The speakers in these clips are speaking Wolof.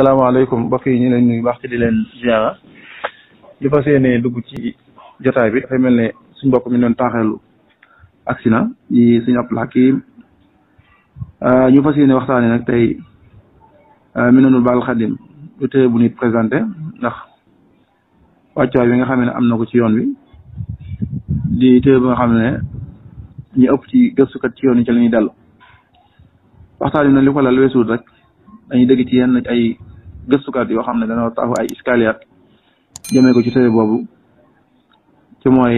salaamaaleykum mbokk yi ñu leen nuyu baax di leen ziara di fas yéene dugg ci jotaay bi dafay mel ne suñ mbokk mi doon taaxeelu accident yi suñu Abdul Hakim ah, ñu fas yéene waxtaane nag tey ah, Minanul Baaqil Xadim lu téere bu nit présenté ndax wàccuwaay bi nga xam ne am na ko ci yoon wi li téere bi nga xam ne ñu ëpp ci gëstukat ci yoon wi ci la ñuy dellu waxtaan na lu li ko lal weesuut rek dañuy dégg ci yenn ay gëstukat yoo xam ne dañoo taxaw ay iskaliyaat jëmee ko ci téere boobu ci mooy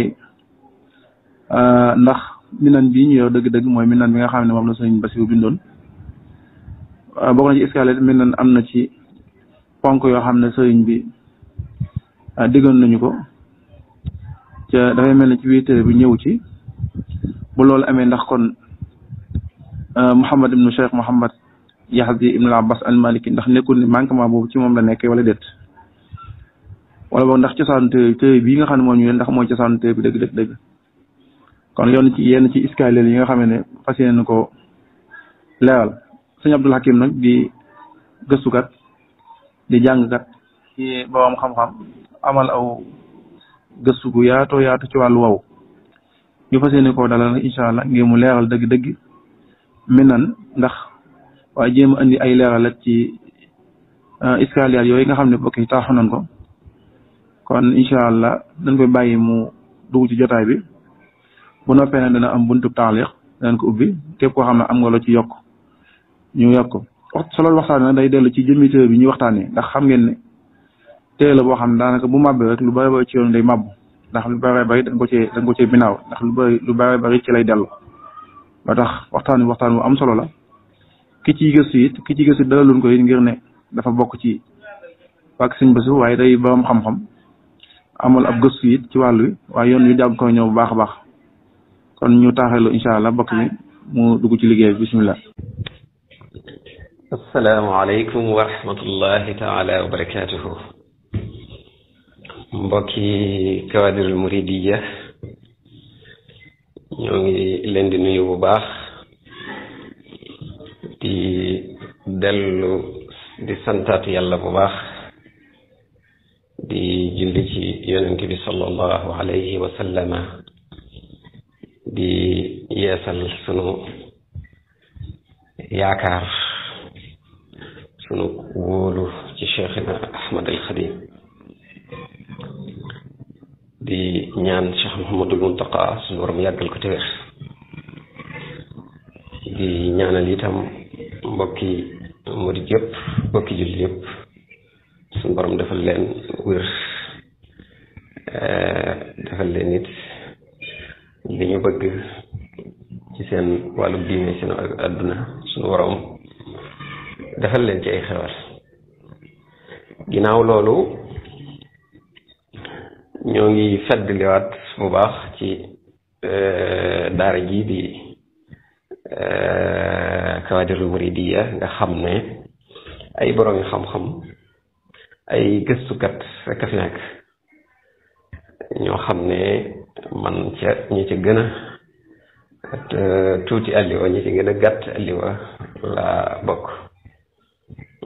euh, ndax minan bii ñu yor dëgg-dëgg mooy mi naan bi nga xam ne moom la sëñ Basiru bindoon euh, bokk na ci iskaliyaat minan am na ci ponk yoo xam ne sëriñ bi euh, diggoon nañu ko ca dafay mel ne ci biir téere bi ñëw ci bu loolu amee ndax kon Mouhamad ibnu Cheikh Mouhamad yahdi ibn abbas al maliki ndax nekul ni manquement bobu ci mom la nekk wala det wala boog ndax ci sante tey bi nga xamne mo ñu ndax mo ci sante bi deug deug deug kon yoon ci yenn ci iskaaleel yi nga xamne nako leral ko abdul hakim nak di kat di kat ci bawam xam-xam amal aw gëstu gu yaatoo yaatu ci walu waw ñu fas yéene dalal inshallah allah ngir mu leeral minan ndax waaye jéem a indi ay leeral ak ci iskaliyaat euh, yooyu nga xam ne bokk yi taaxu nañ ko kon incha allah dañ koy bàyyi mu dugg ci jotaay bi bu noppee nag dana am buntu taaliq danañ ko ubbi képp koo xam ne am nga loo ci yokk ñu yokk wax solo waxtaan nag day dellu ci jëmmitéer bi ñuy waxtaanee ndax xam ngeen ne téere boo xam ne daanaka bu màbbee lu bëri bëri ci yoon day màbb ndax lu bëri bëri dañ ko cee dañ ko cee ndax lu bëri lu bëri bëri ci lay dellu ba waxtaan wi waxtaan wu am solo la ki ci gëstu it ki ciy gëstu dara luñ ko ngir ne dafa bokk ci wàkk sëñ bésu waaye day borom xam-xam amul ab gëstu it ci wàll wi waaye yoon wi jàgg ko ñëw bu baax a baax kon ñu taaxeelu incha allah bokk mi mu dugg ci liggéey bisimilah asalaamaaleykum wa rahmatullahi taala wa barakatuhu mbokki Kawaadirul Muridiyya ñoo ngi leen bu baax dellu di santat yàlla bu baax di julli ci yonent bi sallallahu alayhi wa sallama di yeesal sunu yaakaar sunu wóolu ci cheikhina ahmad al khadim di ñaan cheikh mahamadul muntaqa sunu borom yàggal ko téwér di ñaanal itam mbokki murid yëpp bokki jullit yëpp suñu borom defal leen wér defal leen it li ñu bëgg ci seen wàllu diine seen àdduna suñu borom defal leen ci ay xewal ginnaaw loolu ñoo ngi fedd liwaat bu baax ci daara ji di nawaadirul muridiya nga xam ne ay borom xam-xam ay gëstukat rek fi nekk ñoo xam ne man ca ñi ci gën a euh, tuuti alliwa ñi ci gën a gàtt alliwa laa bokk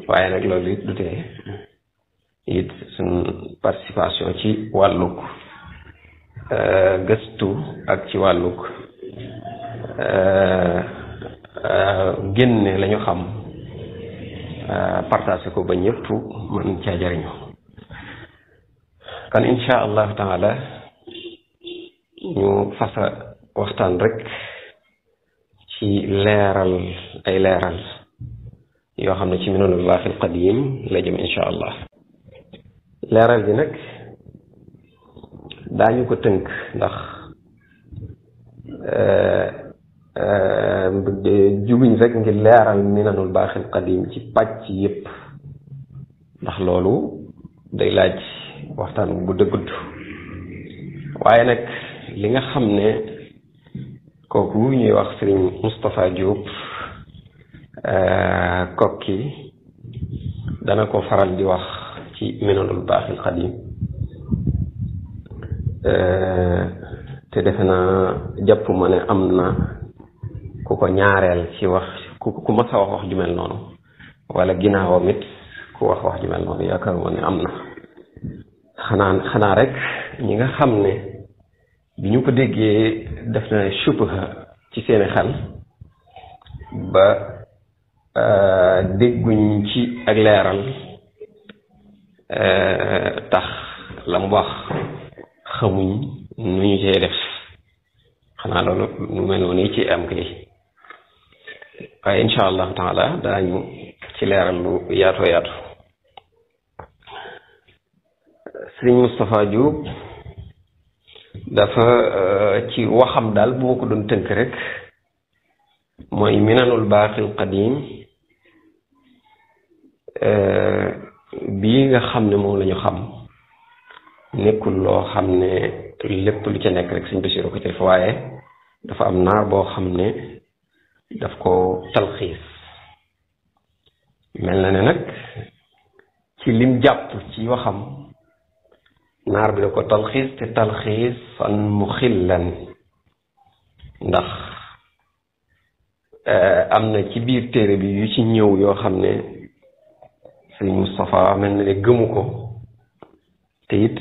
waaye nag loolu it dute it sun participation ci wàlluk euh, gëstu ak ci waluk euh génne la ñu xam euh, partagé ko ba ñëpp mën caa jariñu kon insha allahu taala ñu fasa waxtaan rek ci leeral ay leeral yoo xam ne ci minullahi alqadim la jëm insha allah leeral bi nag daañu ko tënk ndax euh, juguñ rek ngir leeral minanul baaxil qadim ci pàcc yépp ndax loolu day laaj waxtaan bu dëggut waaye nag li nga xam ne kooku ñuy wax sëriñ Moustapha Diop euh, kokki dana ko faral di wax ci minanul baaxil qadim euh, te defe na jàpp ne am na ku ko ñaareel ci wax ku ku mas a wax wax ju noonu wala ginnaawam it ku wax wax ju mel noonu yaakaaruma ne am na xanaa xanaa rek ñi nga xam ne bi ñu ko déggee def na shubha ci seeni xel ba euh, dégguñ ci ak leeral euh, tax la mu wax xamuñ nu ñu cee def xanaa loolu lu mel noonu ci am kay waaye incha allahu taala daañu ci leeral lu yaatu sëriñ Moustapha Diop dafa euh, ci waxam daal bu ma ko doon tënk rek mooy minanul baaqil qadim euh, bii nga xam ne moom lañu xam nekkul loo xam ne lépp lu ca nekk rek sëñ Basiru ko ci def waaye dafa am naar boo xam ne daf ko talxiis mel na ne nag ci lim jàpp ci waxam naar bi da ko talxiis te talxiisan mu xillan ndax am na ci biir téere bi yu ci ñëw yoo xam ne sëñ Moustapha mel na ne gëmu ko te it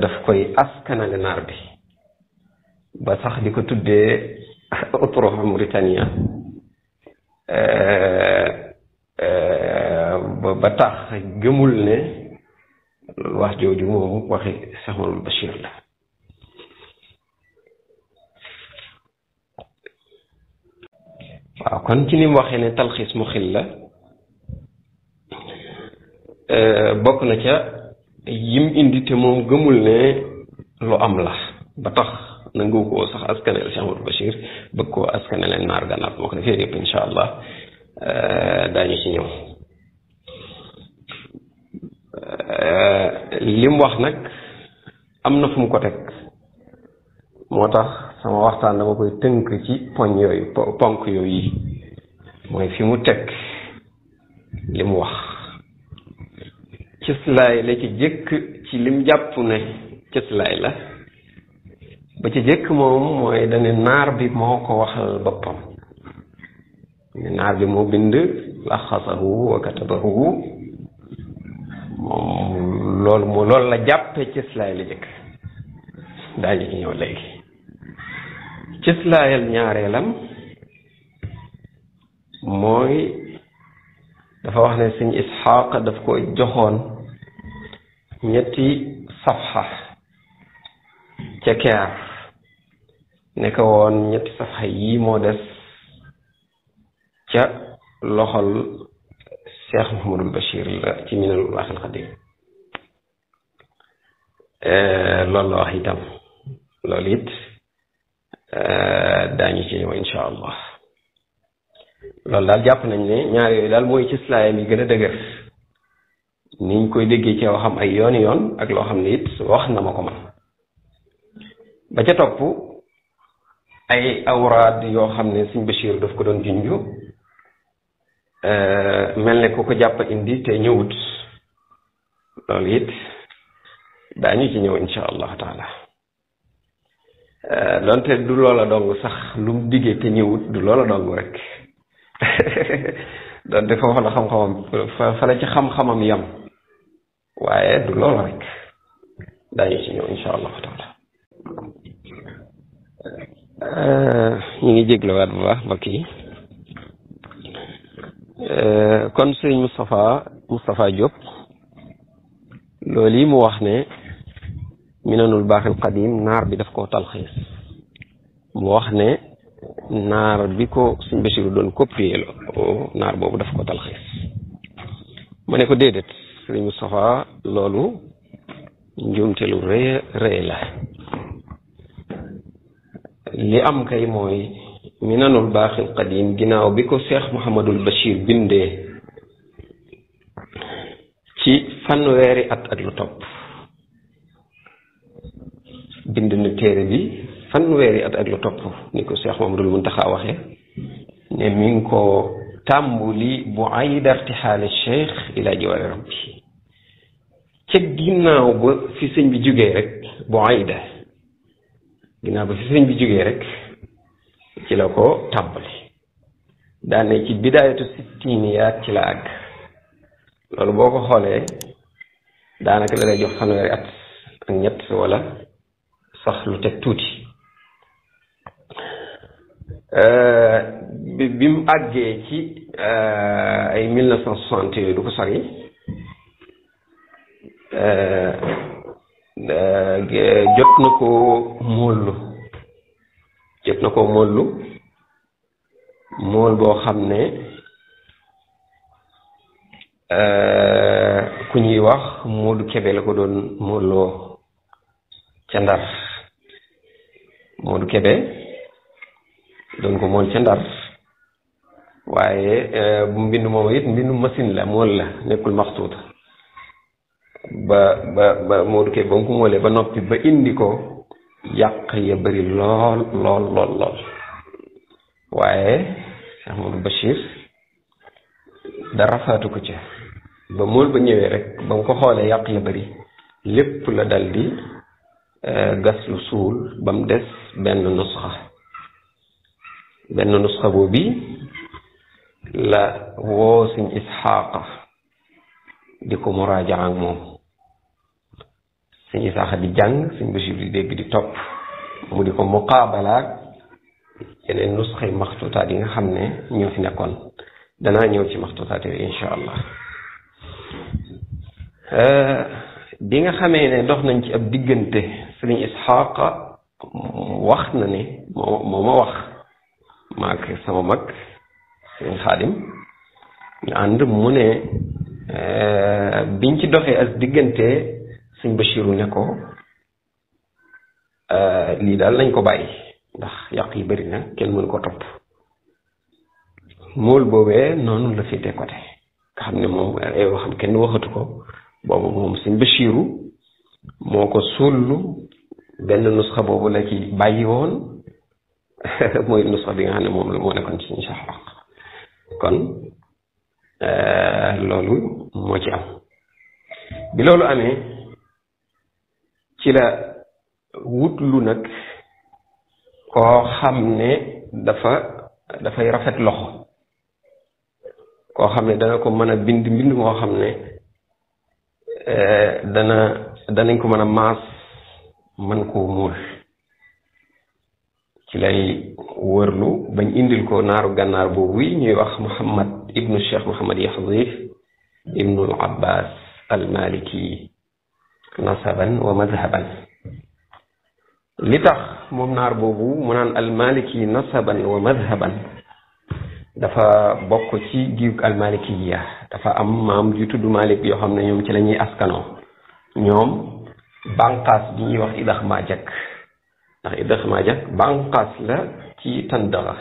daf koy askanale naar bi ba sax di ko tuddee outroha Mauritania eh, eh, ba tax gëmul ne wax jooju moomu waxi Cheikh Mamadou Bachir la waaw kon ci ni waxee ne talxiis mu xil la eh, bokk na ca yim indi te moom gëmul ne lu am la ba tax nangu koo sax askanel Cheikh Amadou Bachir bëgg koo askaneleen naar gànnaar moo ko defee yëpp incha allah eh, daañu ci ñëw eh, lim wax nag am na fu mu ko teg moo tax sama waxtaan dama koy tënk ci poñ yooyu ponk yooyu mooy fi mu teg li wax cëslaay la ci jëkk ci lim jàpp ne cëslaay la ba ci jëkk moom mooy dane naar bi moo ko waxal boppam naar bi moo bind laxasahu wa katabahu moom loolu moo loolu la jàppe cislaay la jëkk daañu ci ñëw léegi cislaayal ñaareelam mooy dafa wax ne sëñ ishaq daf ko joxoon ñetti safxa ca keer neka woon ñetti safa yi moo des ca loxol Cheikh Mouhamadul Bachir la ci minal eh, loolu la wax itam it eh, daañu ci ñëw incha allah loolu daal jàpp nañ ne ñaar yooyu daal mooy ci islaam yi gën a dëgër niñ koy déggee ci waxam ay yooni yoon ak loo xam ne it wax na ma ko man ba ca topp ay awraad yoo xam ne sëñ Bachir daf ko doon junju euh, mel ne ku ko jàpp indi te ñëwut loolu it daañu ci ñëw insha allahu taala euh, donte du loola dong sax lu mu diggee te ñëwut du loola dong rek donte foofa la xam-xamam yam waaye du loola rek daañu ci ñëw insha allahu taala ñu ngi jégluwaat bu baax mbokk yi euh, kon sëriñ Moustapha Moustapha Diop loolu yi mu wax ne minanul baaxil qadim naar bi daf koo talxiis mu wax ne naar bi ko suñ Basiru doon copier loo oh, naar boobu daf ko talxiis ma ne ko déedéet sëriñ Moustapha loolu njuumte lu rëy la li am kay moy minanul baaxil qadim ginaaw biko cheikh mohammed al bashir binde ci fan wéri at ak lu top bind na téré bi fan wéri at ak lu top niko cheikh mohammed al Muntaxa waxe ne mi ngi ko tàmbuli bu ayda al cheikh ila jawar rabbi ci ginaaw ba fi sëñ bi jugge rek bu ayda ginnaaw ba fi sëriñ bi jógee rek ci la ko tàmbali daane ci bidaayatu sittiini yaat ci la àgg loolu boo ko xoolee daanaka la lay jox fanweeri at ak ñett wala sax lu teg tuuti bi mu àggee ci ay yooyu du ko sori jot na ko moolu jot na ko moolu mool boo xam ne eh, ku ñuy wax Moodu Kebe la ko doon mooloo ca Ndar Moodu Kebe doon ko mool ca Ndar waaye eh, bu mbind moom it mbindu machine la mool la nekkul maxtuuta ba ba ba Modou Kébé ba mu ko moolee ba noppi ba indi ko yàq ya bari lool lool lool lool waaye Cheikh Modou Bachir dara faatu ko ca ba mool ba ñëwee rek ba mu ko xoolee yàq ya bari lépp la dal di eh, gas lu suul ba mu des benn nusxa benn nusxa boobu la woo suñ di ko muraaja moom سيني ساخا دي جانغ سيني بشير دي ديك دي توب مودي كو مقابلة ينين نسخي مخطوطة دي نخمني نيو في نكون دانا نيو في مخطوطة دي إن شاء الله دي نخمي ني دوخ ننك أب دي جنتي سيني إسحاق وقت ناني موما وقت ماك سما مك سيني خادم عند موني بنتي دوخي أس دي جنتي sëñ Bachiru ne euh, lii daal lañ ko bàyyi ndax yàq yi bari na kenn mënu koo topp mool boobee noonu la féete côté nga xam ne moom kenn waxatu ko boobu moom sëñ Bachiru moo ko suulu benn nusxa boobu la ci bàyyi woon mooy nusxa bi nga xam ne moom la moo nekkoon ci sëñ Saxraq kon euh, loolu moo ci am bi loolu amee ci la wutlu nak ko xamne ne dafa dafay rafet loxo ko xamne dana ko meuna bind bind mo xamne euh ne dana danañ ko meuna a man ko mur ci lay wërlu bañ indil ko naru gannar bo wi ñuy wax muhammad ibnu cheikh muhammad yaxzif ibnu al abbas al maliki نصبا ومذهبا لتخ ممنار بوبو منان المالكي نصبا ومذهبا دفا بوكو تي جيوك المالكية دفا أم مام جيتو دو مالك يوهم نيوم تلاني أسكنو نيوم بانقاس دي يوخ إدخ ماجك نخ إدخ ماجك بانقاس لا تي تندغة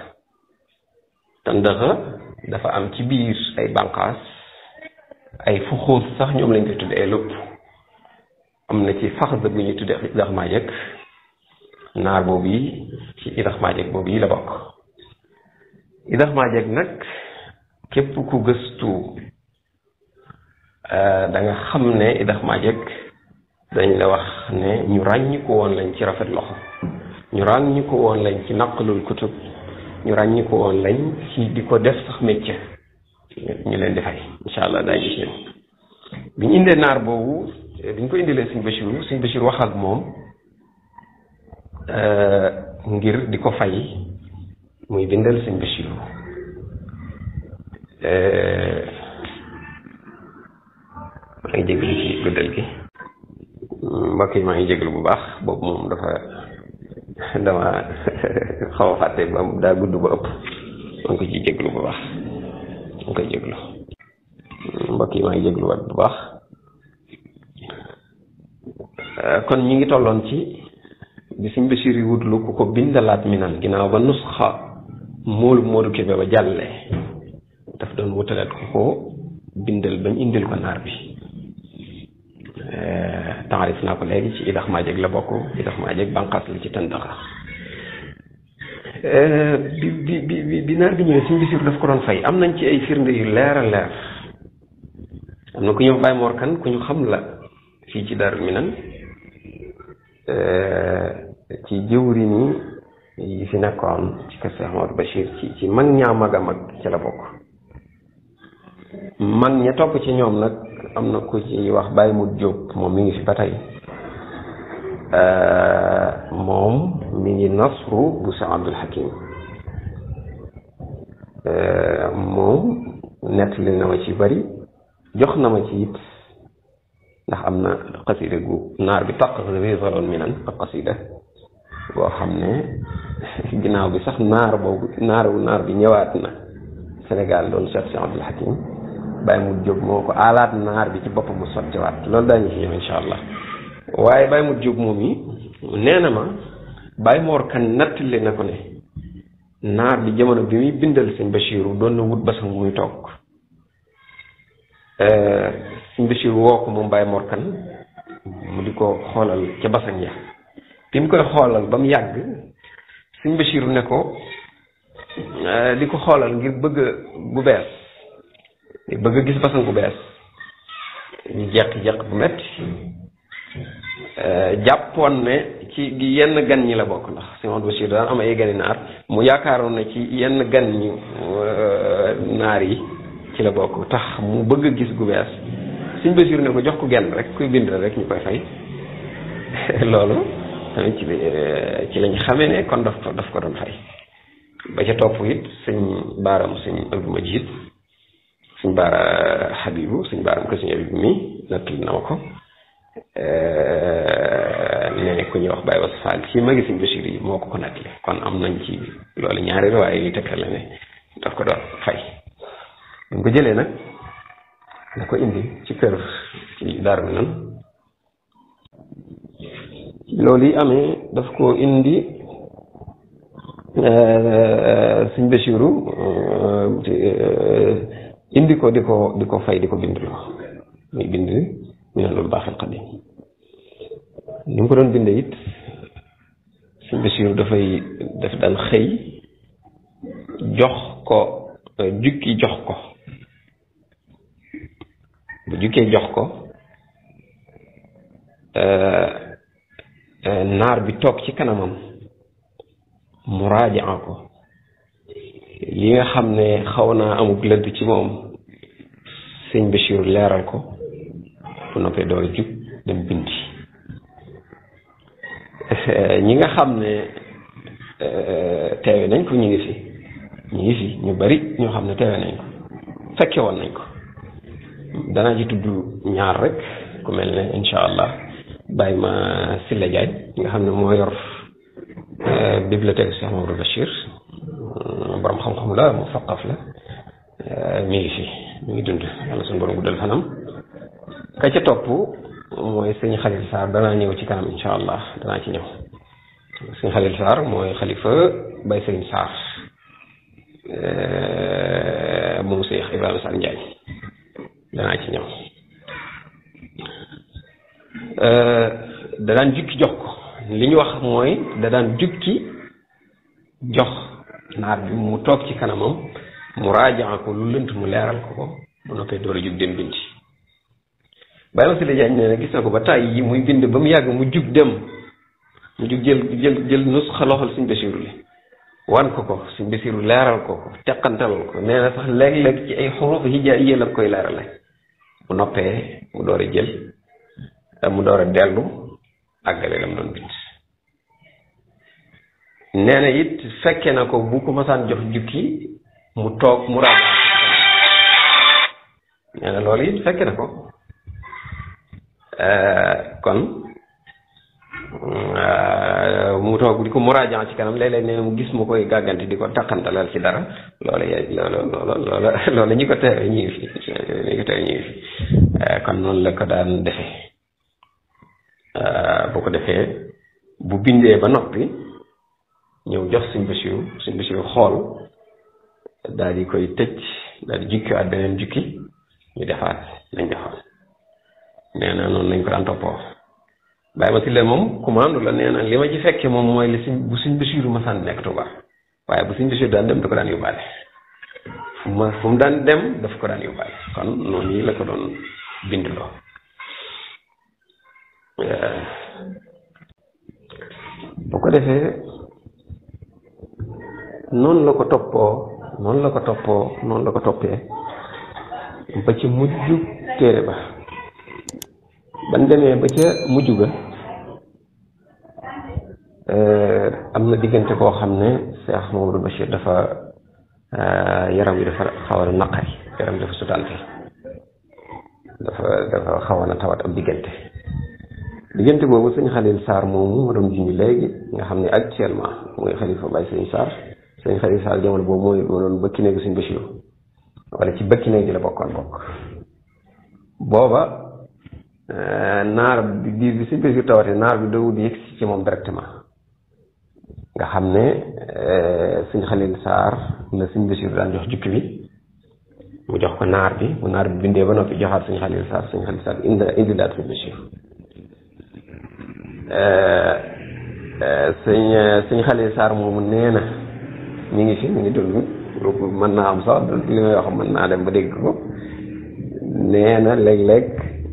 تندغة دفا أم تي بيوس أي بانقاس أي فخوص صح نيوم لنجتو دي لوبو amna ci fax bu ñu tudde idax maajëk naar boobu ci idax maajëk boobu la bok idax maajëk nag képp ku gëstu da nga xamné ne idax dañ la wax ne ñu ko won lañ ci rafet loxo ñu ko won lañ ci naqlul kutub ñu ko won lañ ci diko def sax métier ñu leen di fay incha allah daa gis leen bi ñu indee naar biñ ko indilee suñ Bachir suñ Bachir wax ak moom euh, ngir di ko fay muy bindal suñ Bachir euh, maa ngi jégalu yi maa ngi jégalu bu baax boobu moom dafa dama xaw a ba daa gudd ba ëpp maa ko ciy jégalu bu baax maa ngi koy jégalu maa ngi jégaluwaat bu baax. Euh, kon ñu ngi tolloon ci bi suñ Basiir yi wutlu ku ko bindalaat mi naan ginnaaw ba nusxa moolu Modou Kébé ba jàlle daf doon wutaleet ku ko bindal bañ indil ko naar bi euh, taarif naa ko léegi ci idax maajeg la bokk idax maajeg banqaas la ci tëndaxa euh, bi bi bi bi naar bi ñëwee suñ daf ko doon fay am nañ ci ay firnde yu leer a leer am na ku ñu Baay Mor ku ñu xam la fii ci Daaru Minam ci jëwri ni yi fi nekkoon ci kër Cheikh Amadou Bachir ci ci mag ñaa mag a mag ci la bokk mag ña topp ci ñoom nag am na ku ci wax bàyyi mu jóg moom mi ngi fi ba tey moom mi ngi nasru bu sa Abdul Hakim moom nett li na ma ci bari jox na ma ci it ndax am na xasida gu naar bi taq risaloon mi nan ak xasida boo xam ne ginnaaw bi sax naar boobu naar bi ñëwaat na Sénégal doon Cheikh Cheikh Abdoul Hakim Baye Mut Jóob moo ko aalaat allah waaye Baye Mut Jóob moom yi nee na ma Baye Mor kan nattale na ko ne naar bi jamono bi muy bindal sëñ Bachiru doon na wut basang muy toog euh, suñ Bachir woo ko moom Baye Mor mu di ko xoolal ca basan ya bi mu koy xoolal ba mu yàgg suñ Bachir ne ko eh, di ko xoolal ngir bëgg gu bees bëgg a gis basan gu bees ñu jeq-jeq bu metti eh, jàppoon ne ci yenn gan ñi la bokk ndax Sëñ Bachir daan am ay gani naar mu yaakaaroon ne ci yenn gan ñi eh, naar yi ci la bokk tax mu bëgg a gis gu bees suñ basir ne ko jox ko genn rek kuy bind rek ñu koy fay loolu tamit ci eh, lañ xamee ne kon daf ko daf ko doon fay ba ca topp it suñ baaram suñ Abdou Majid suñ baara Habibu suñ baaram ko suñ Habibu mi nattal na ma ko eh, ne ku ñuy wax Baye Bass Fall ci magi suñ basir yi moo ko ko nattali kon am nañ ci loolu ñaari riwaay yuy tekkale ne daf ko doon fay bu ko jëlee nag la ko indi ci kër ci loolu yi amee daf ko indi euh, sëñ Bachiru euh, indi ko di ko di ko fay di ko bind muy bind ñu ne loolu baaxil xadim ni mu ko doon bindee it sëñ Bachiru dafay daf daan xëy jox ko jukki jox ko bu jugee jox ko euh, euh, naar bi toog ci kanamam mu raajaa ko li nga xam ne xaw naa amuk lënt ci moom sëñ Bachir leeral ko bu noppee door a dem bindi ñi nga xam ne euh, teewe nañ ko ñu ngi fi ñu ngi fi ñu bari ñoo xam ne teewe nañ ko fekke woon nañ ko danaa ci tudd ñaar rek ku mel ne incha allah bàyyi ma Silla Diagne nga xam ne moo yor euh, bibliothèque Cheikh Mamadou Bachir euh, borom xam-xam la mu faqaf la euh, mi ngi fi mi ngi dund yàlla suñu borom guddal fanam ka ca topp mooy sëñ Xalil Sarr danaa ñëw ci kanam incha allah danaa ci ñëw sëñ Xalil Sarr mooy xalifa bay sëñ Sarr moom Cheikh Ibrahima Sarr Ndiaye danaa ci ñëw da daan jukki jox ko li ñu wax mooy da daan jukki jox naar bi mu toog ci kanamam mu raajaa ko lu lënt mu leeral ko ko mu noppee door a jug dem bindi la jaañ ko ba tàyyi yi muy bind ba mu yàgg mu jug dem mu jug jël jël jël nusxa loxol suñ basiru li wan ko ko suñ basiru leeral ko ko teqantalal ko nee na sax léeg-léeg ci ay xuruf hijaay la koy leerale bu noppee mu door a jël eh, mu door a dellu àggale lam doon bind nee na fekke na ko bu ko masaan jox jukki mu toog mu raadu nee na loolu it fekke na ko eh, kon Euh, mu toog di ko muraajan ci kanam léeg lay nee mu gis mu koy gàggante di ko taqantalal ci dara loola loolu loolu loolu ñi ko teewe ñi ko teewe fi euh, kon noonu la ko daan defee euh, bu ko defee bu bindee ba noppi ñëw jox suñ Basiru suñ Basiru xool daal di koy tëj daal di jukkiwaat beneen jukki ñu defaat lañ defoon nee noonu lañ ko daan toppoo Baye Massile moom commande la nee na li ma ci fekkee moom mooy li suñ bu suñ Basiiru ma sant nekk Tuuba waaye bu suñ Basiiru daan dem da ko daan yóbbaale fu ma fu mu daan dem daf ko daan yóbbaale kon noonu yi la ko doon bindloo eh, bu ko defee noonu la ko toppoo noonu la ko toppoo noonu la ko toppee ba ci mujj téere ba ban demee ba ca mujj ga Euh, am na diggante koo xam ne Cheikh Mamadou Bachir dafa euh, yaram wi dafa xaw a naqari yaram wi dafa sutante dafa dafa xaw a tawat am diggante diggante boobu sëñ Xalil Sarr moomu ma doon junj léegi nga xam ne actuellement mooy xalifa Baye sëñ Sarr sëñ Xalil Sarr jamono boobu mooy doonoon bëkki néegu sëñ Bachir wala ci bëkki néeg gi la bokkoon bokk booba euh, naar bi bi sëñ Bachir tawatee naar bi dawul yëg si ci moom directement nga xamne euh seigne khalil sar na seigne bashir dan jox jukki bi mu jox ko nar bi mu nar bi binde ba noppi joxaat suñ xalil saar suñ xalil inda indi indi bashir euh euh seigne seigne khalil sar mo mu neena ñi ngi fi ñi ngi dund man na am sa sax li may wax man na dem ba deg ko neena leg leg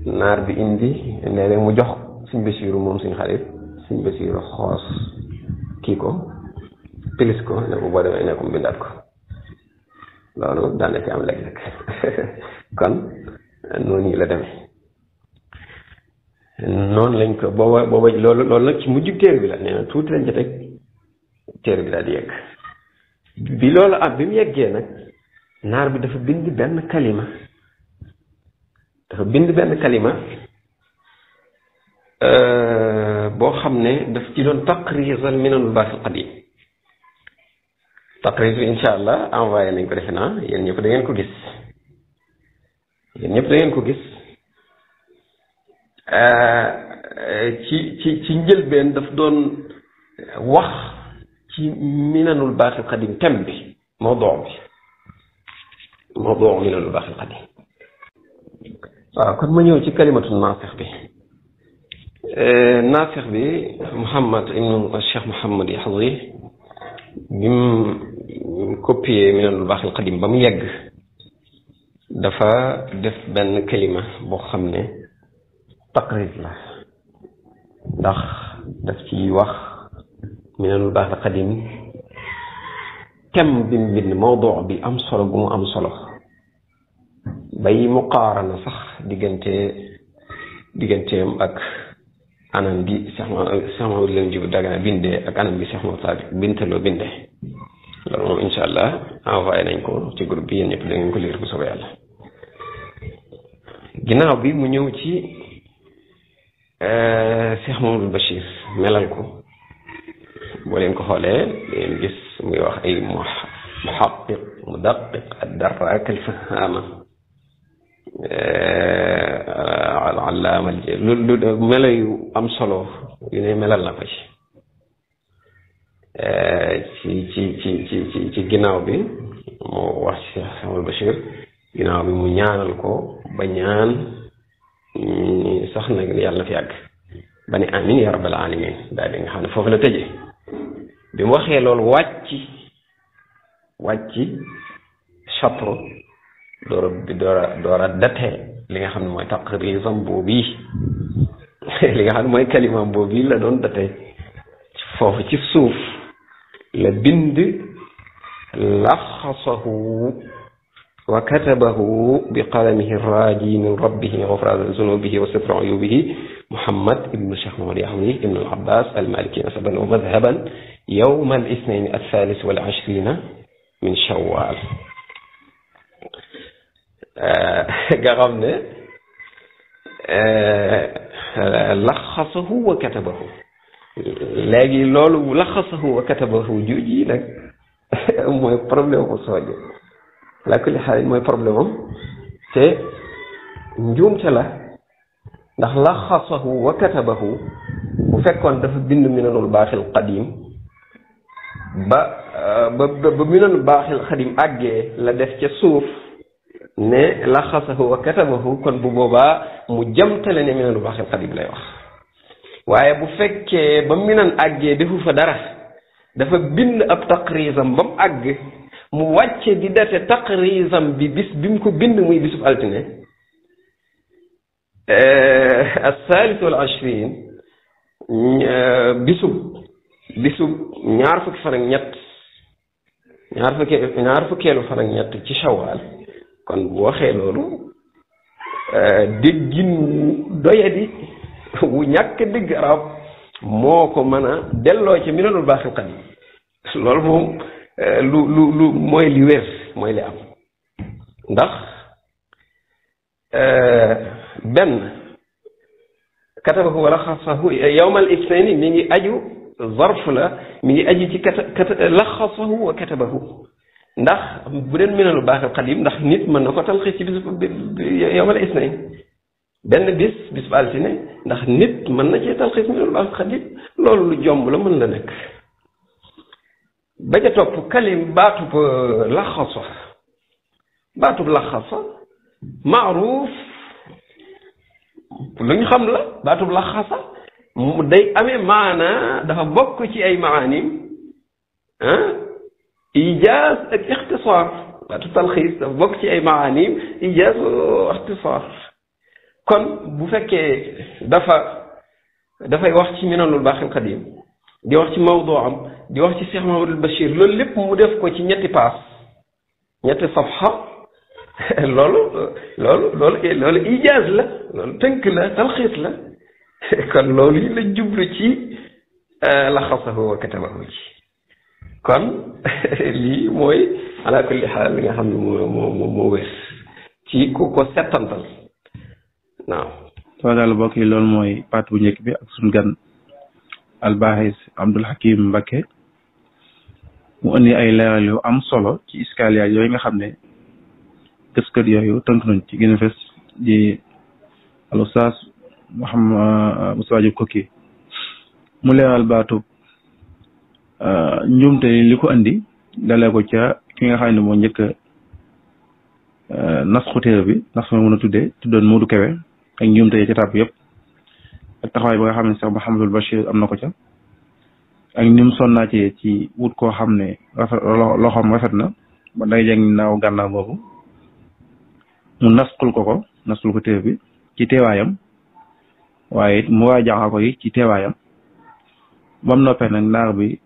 nar bi indi neena mu jox seigne bashir mom seigne khalil seigne bashir xoss kii ko pilis ko ne ko boo demee ne ko ko loolu daan na ci am léeg-léeg kon noonu la demee noonu lañ ko booba booba loolu loolu nag ci mujj téer bi la nee na tuuti lañ ca teg téer bi daal di yegg bi loolu am bi mu yeggee nag naar bi dafa bind benn kalima dafa bind benn kalima euh, boo xam ne daf ci doon taqriiral minanul baaxil qadim taqriir bi incha allah envoyé nañ ko defe naa yéen ñëpp da ngeen ko gis yéen ñëpp da ngeen ko gis ci ci ci njëlbeen daf doon wax ci minanul baaxil qadim thème bi mawduu bi mawduu minanul baaxil qadim waaw kon ma ñëw ci kalimatu naasix bi ناطق آه، بي محمد ابن الشيخ محمد يحضي بم كوبي من الباخ القديم بم يق دفا دف بن كلمة بخمنة تقريب له دخ دفتي وخ من الباخ القديم كم بن بن موضوع بي أمصر قم أمصر بي مقارنة صح ديجنتي ديجنتي أك anam bi sama sama Mouhamadou jibu Dagana binde ak anam bi Cheikh Mouhamadou Fadil bintaloo bindee loolu moom incha allah envoyé nañ ko ci groupe bi yéen ñëpp da ngeen ko liir bu soobee yàlla. ginaaw bi mu ñëw ci euh Cheikh Mouhamadou Bachir melal ko bo leen ko xolé leen gis muy wax ay muhaqqiq mudaqqiq ad-darrak al-fahama al allaama al lu lu melo yu am solo yu ne melal na ko eh, ci ci ci ci ginnaaw bi mu wax ci Samuel Bachir ginnaaw bi mu ñaanal ko ba ñaan sax nag yàlla na fi yàgg ba ne amin ya rabbal alamin daal di xam ne foofu la tëjee bi mu waxee loolu wàcc wàcc chaptre doora bi doora doora datee li nga xam ne mooy taqrisam boobu li nga xam ne mooy kalimam boobu la doon datee foofu ci suuf la bind laxasahu wa katabahu bi qalamihi rajin min rabbihi gufraan zunubihi wa sitra uyubihi muhammad ibnu cheikh mohamad yahwi ibnu al abbas nasaban wa madhaban yowma al isnain al min shawal جربنا لخصه وكتبه léegi loolu laxasahu wa katabahu juuji nag mooy problème mu sooje la kulli xaal mooy problème am te njuumte la ndax laxasahu wa katabahu bu fekkoon dafa bind minanul baaxil qadim ba ba ba minanul baaxil qadim àggee la def ca suuf ne laxasahu wa katamahu kon bu boobaa mu jamtale ne minan bu baaxil xadim lay wax waaye bu fekkee ba minan àggee defu fa dara dafa bind ab taqrisam ba mu àgg mu wàcce di date taqrisam bi bis ko bind muy bisub altine eh, asalis wal ashrin bisub bisub ñaar fukki fan ñett ñaar fukki ñaar fukkeelu fan ñett ci shawaal kon bu waxee loolu déggin doya di wu ñàkk dégg arab moo ko mën a delloo ci minanul baaxil qadim loolu moom lu lu lu mooy li wér mooy li am ndax benn katabahu wala xasahu yowmal isnaini mi ngi aju zarf la mi ngi aju ci kata kata laxasahu wa katabahu ndax bu den minalu baaxal qadim ndax nit man nako talxi ci bisu yowal isnay ben bis bisub altine ndax nit man na ci cee talxis minalu baaxal qadim lolou lu jom la man la nek ba ca topp kalim la baatub laxasa la laxasa maaruuf lu ñu xam la la laxasa day amee maana dafa bokk ci ay maanim ah إيجاز الاختصار تلخيص بوكتي أي معاني إيجاز اختصار كون بو فكي دفا دفا يوحتي من الباخ القديم دي وحتي موضوع عم. دي وحتي سيخ مهور البشير لول لب مدف كوتي نيتي باس نيتي صفحة لولو لولو لولو لولو إيجاز لا لولو تنك لا تلخيص لا كون لولو لجبلو تي آه، لخصه وكتبه تي kon lii mooy ala kulli xaal li nga xam ne moo moo ci ku ko settantal waaw. soo daal bokk yi lool mooy pat bu njëkk bi ak suñu gan albahis Abdul Hakim Mbacké mu indi ay leeral yu am solo ci iskaaliya yooyu nga xam ne gëskat yooyu tënk nañ ci gën a fes di al ustaas Mouhamed Koki mu leeral baatub njuumte euh, li ko andi dalee ko ca ki nga xam ne moo njëkk euh, nasxu téere bi nasxu ma mën a tuddee tuddoon Modou Kébé ak njuumte yi ca tàpp yëpp ak taxawaay ba nga xam ne sax Mouhamadul Bachir am na ko ca ak ni mu sonnaatee ci wut koo xam ne rafet loxoom rafet na ba day jàng naaw gànnaaw boobu mu nasxul ko ko nasxul ko téere bi ci teewaayam waaye it mu waa jaaxa ko yi ci teewaayam bam noppee nag naar bi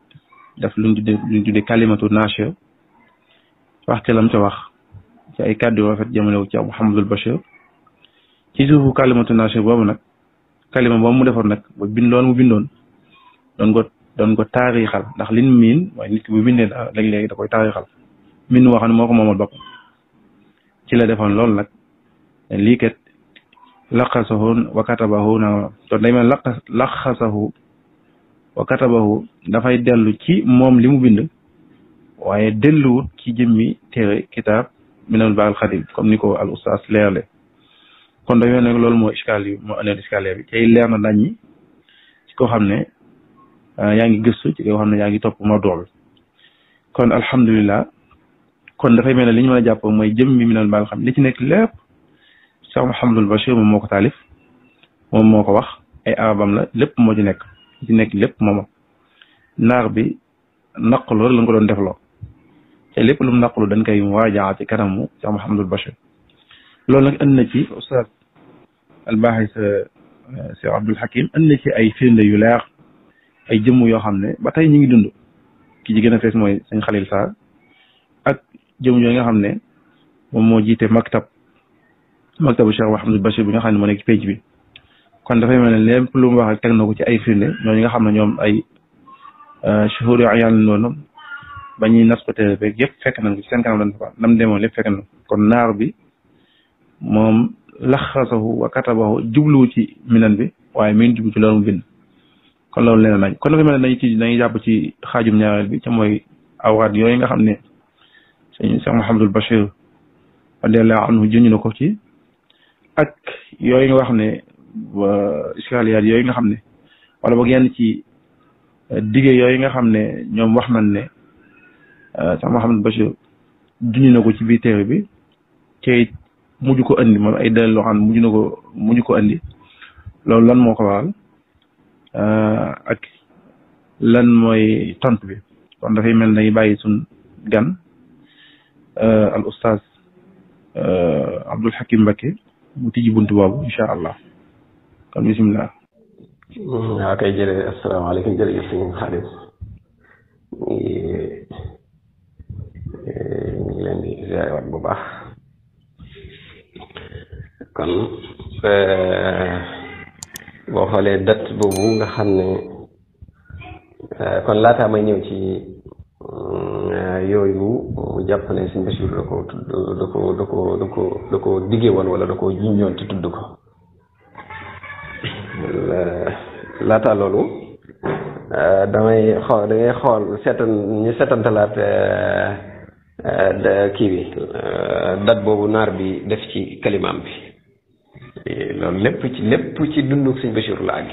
daf luñ tudde luñ tudde kalimatu naashia wax té lam ci wax ci ay kàddu yu rafet jëmalewu ci abou Mouhamadul bashir ci suufu kalimatu naashia bobu nak kalima bobu mu defoon nak ba lool mu bindon don go don go taarixal ndax liñ min way nit ki bu bindee lañ légui da koy taarixal min waxan moko momal bokk ci la defon lool nak li kat laqasahu wa katabahu na to dayma laqas laqasahu wa katabahu dafay dellu ci moom li mu bind waaye delluwut ci jëmmi téere kitaab minal baaxal xadim comme ni ko al leer leerle kon dañoo nekk loolu moo iskaal yi moo andoon leer na nañ ci koo xam ne ah, yaa ngi gëstu ci koo xam ne yaa ngi topp ma dool kon alhamdulilah kon dafay mel ne li ñu mën jàpp mooy jëmmi mi baaxal xam li ci nekk lépp Cheikh Mouhamadul Bachir moom moo ko taalif moom moo ko wax ay abam la lépp moo ci nekk ci nekk lépp mooma naar bi naqlu rek la nga ko doon defloo te lépp lu mu naqlu dañ koy waajaa ci kanamu Cheikh Mouhamadul Bachir loolu nag ënd na ci oustaz albaaxi sa Cheikh Abdoul Hakim ënd na ci ay firnde yu leer ay jëmm yoo xam ne ba tey ñu ngi dund ki ci gën a fees mooy sëñ Xalil Sarr ak jëmm yooyu nga xam ne moom moo jiite maktab maktabu Cheikh Mouhamadul Bachir bi nga xam ne moo nekk ci pénc bi kon dafay mel ne lépp lu mu wax rek teg na ko ci ay firnde ñooñu nga xam ne ñoom ay euh, shuhur yu ayaan noonu ba ñuy nas ko téere beeg yëpp fekk nañ ko ci seen kanam lan kon naar bi moom laxasahu wa katabahu jubluwu ci minan bi waaye mi ngi jublu ci loolu mu bind kon loolu leen nañ kon dafay mel ne dañu ci dañuy jàpp ci xaajum ñaareel bi ca mooy awraat yooyu nga xam ne sëñ Cheikh Mouhamadul Bachir na ko ci ak yooyu nga wax ne ba iskaliyaat yooyu nga xam ne wala boog yenn ci dige yooyu nga xam ne ñoom wax nañ ne sax Mouhamed Bachir junj na ko ci biir téere bi te mujj ko andi moom ay dalil loo xam ne mujj na ko mujj ko andi loolu lan moo ko waral ak lan mooy tontu bi kon dafay mel ne bàyyi suñ gan al oustaz Abdul Hakim Mbacké mu tijji buntu boobu incha allah. kon bisimilah. Hmm, waaw kay jërëjëf asalaamaaleykum jërëjëf sëñ Xaadim ñu ngi eh, leen di ziarewaat bu baax kon eh, boo xoolee boobu nga xam ne eh, kon laataa may ñëw ci yooyu mu jàpp ne sëñ Bachir da ko tudd da ko diggee woon wala da ko junjoon te tudd ko Euh, laata loolu euh, damay xool da xool seetan ñu seetantalaat euh, kii bi dat boobu naar bi def ci kalimaam bi loolu lépp ci lépp ci dunduk Sëñ Bachir la àgg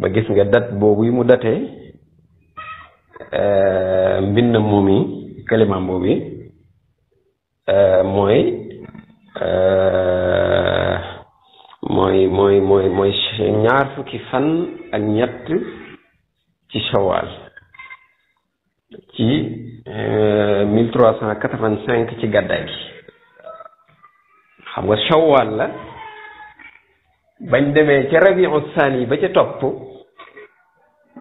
ba gis nga dat boobu yi mu datee mbindam moom yi kalimaam boobu yi mooy mooy mooy mooy mooy ñaar fukki fan ak ñett ci shawal ci euh, mille trois cent quatre-vingt-cinq ci gàddaay xam nga shawal la bañ demee ca rabiu saani ba ca topp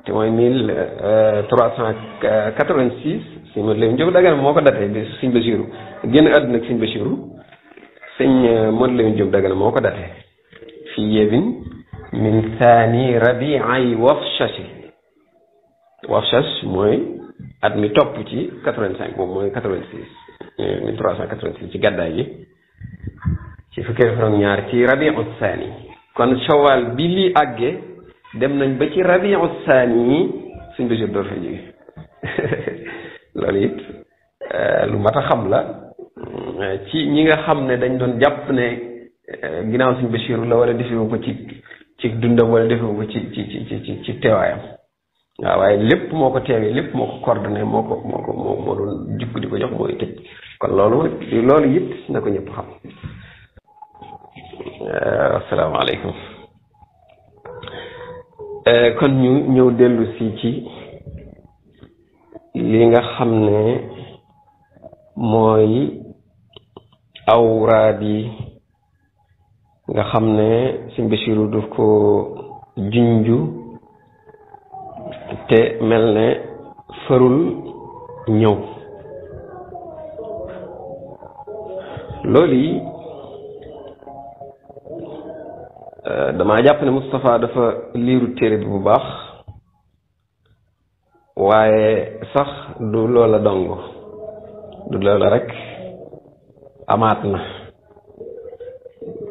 te mooy mille euh, trois cent quatre-vingt-six si ma lay jóg dagal moo ko datee bi sëñ Basiru génn àdduna ak sëñ Basiru sëñ euh, moo ko date fii yéebin min saani rabiay wafshasi wafshas mooy at mi topp ci quatre-vingt-cinq boobu mooy quatre-vingt-six euh, mille trois cent quatre-vingt-six ci gàddaay gi ci fukkeelu fan ak ñaar ci rabiu saani kon shawal bi lii àggee dem nañ ba ci rabiu saani yi suñ ba door fa jóge loolu it euh, lu mat a xam la euh, ci ñi nga xam ne dañ doon jàpp ne ginnaaw suñ Bachir la wala defewu ko ci ci dundam wala defewu ko ci ci ci ci ci teewaayam waaw waaye lépp moo ko teewee lépp moo ko coordonné moo ko moo doon jikko di ko jox mooy tëj kon loolu loolu it na ko ñëpp xam euh, asalaamaaleykum euh, kon ñu ñëw dellu si ci li nga xam ne mooy awraad yi nga xam ne sëñ Basiru daf ko junju te mel ne farul ñëw loolu yi euh, damaa jàpp ne Moustapha dafa liiru téere bi bu baax waaye sax du loola dong du loola rek amaat na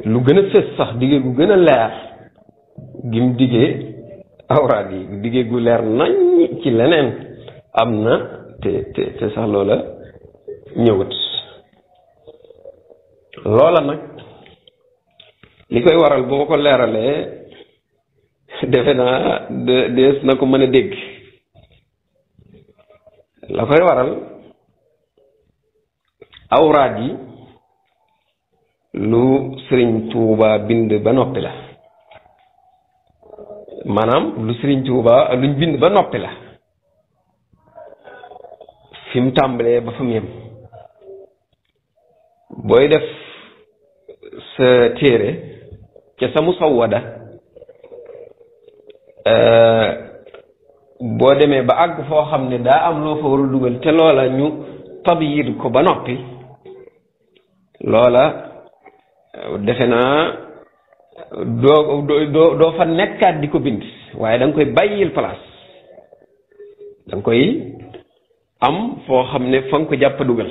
lu gën a fës sax diggee gu gën a leer gim diggee awraat yi diggee gu leer nañ ci leneen am na te te te sax loola ñëwut loola nag li koy waral bu ma ko leeralee defe naa de dees na ko mën a dégg la koy waral awraat yi lu sëriñ tuuba bind ba noppi la maanaam lu sëriñ tuuba luñ bind ba noppi la fi mu tàmbalee ba fa mu yem booy def sa téere ca sa mu sawwada eh, boo demee ba àgg foo xam ne daa am loo fa war a dugal te loola ñu tab yir ko ba noppi loola defe naa doo doo doo fa nekkaat di ko bind waaye danga koy bàyyil place da koy am foo xam ne fa ko jàpp dugal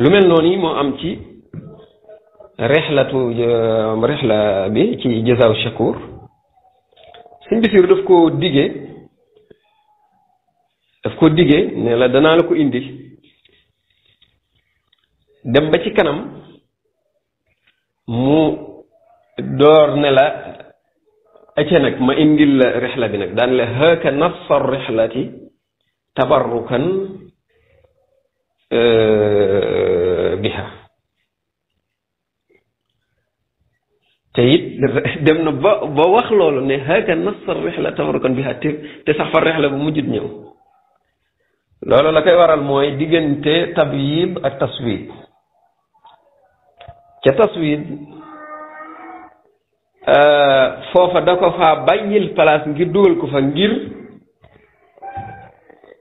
lu mel noonu moo am ci rexlatu euh, rexla bi ci jazaaw shakur suñ bisiir daf ko diggee daf ko diggee ne la danaa la ko indi dem ba ci kanam mu door ne la aca nag ma indil la rixla bi nag daan le haka nafsa rixlati tabarrukan biha te it dem na ba ba wax loolu ne haka nafsa rixla tabarrukan biha te te sax fa rixla bu mujjut ñëw loolu la koy waral mooy diggante tabyib ak taswib ca taswiid euh, foofa da ko faa bàyyil place ngir dugal ko fa ngir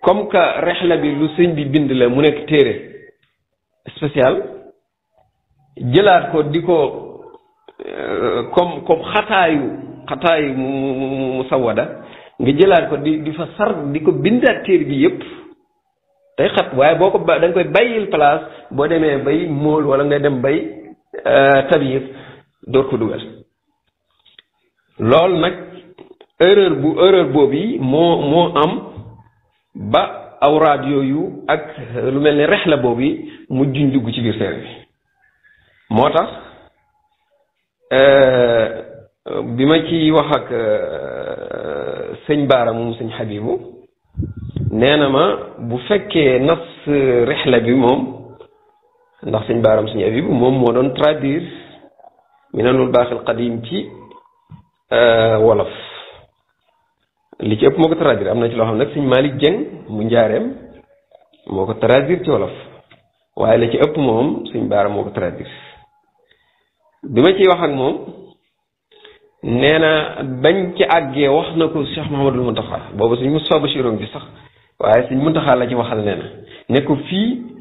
comme que rexla bi lu sëñ bi bind la mu nekk téere spécial jëlaat ko di ko euh, comme comme xataayu xataayu mu mu sawada nga jëlaat ko di di fa sar di ko bindaat téere bi yépp day xat waaye boo ko da koy bàyyil place boo demee bay mool wala ngay dem bay Euh, tabir door ko dugal loolu nag erreur bu erreur boobu moo moo am ba aw raad yooyu ak lu mel ni rex la boobu mujjuñ dugg ci biir téere bi moo tax euh, bi ma ci wax ak euh, sëñ Baara moom sëñ Xabibu nee ma bu fekkee nas rexla bi moom ndax suñ baaram suñu abi bu moom moo doon traduire minanul baaxil qadim ci wolof li ci ëpp moo ko traduire am na ci loo xam nag suñ Malick jeng mu njaareem moo ko traduire ci wolof waaye la ci ëpp moom suñ baaram moo ko traduire bi ma ciy wax ak moom nee na bañ ci àggee wax na ko Cheikh Mouhamadul Mountakha boobu suñ Moustapha Bachirou bi sax waaye suñ Mountakha la ci waxal nee na ne ko fii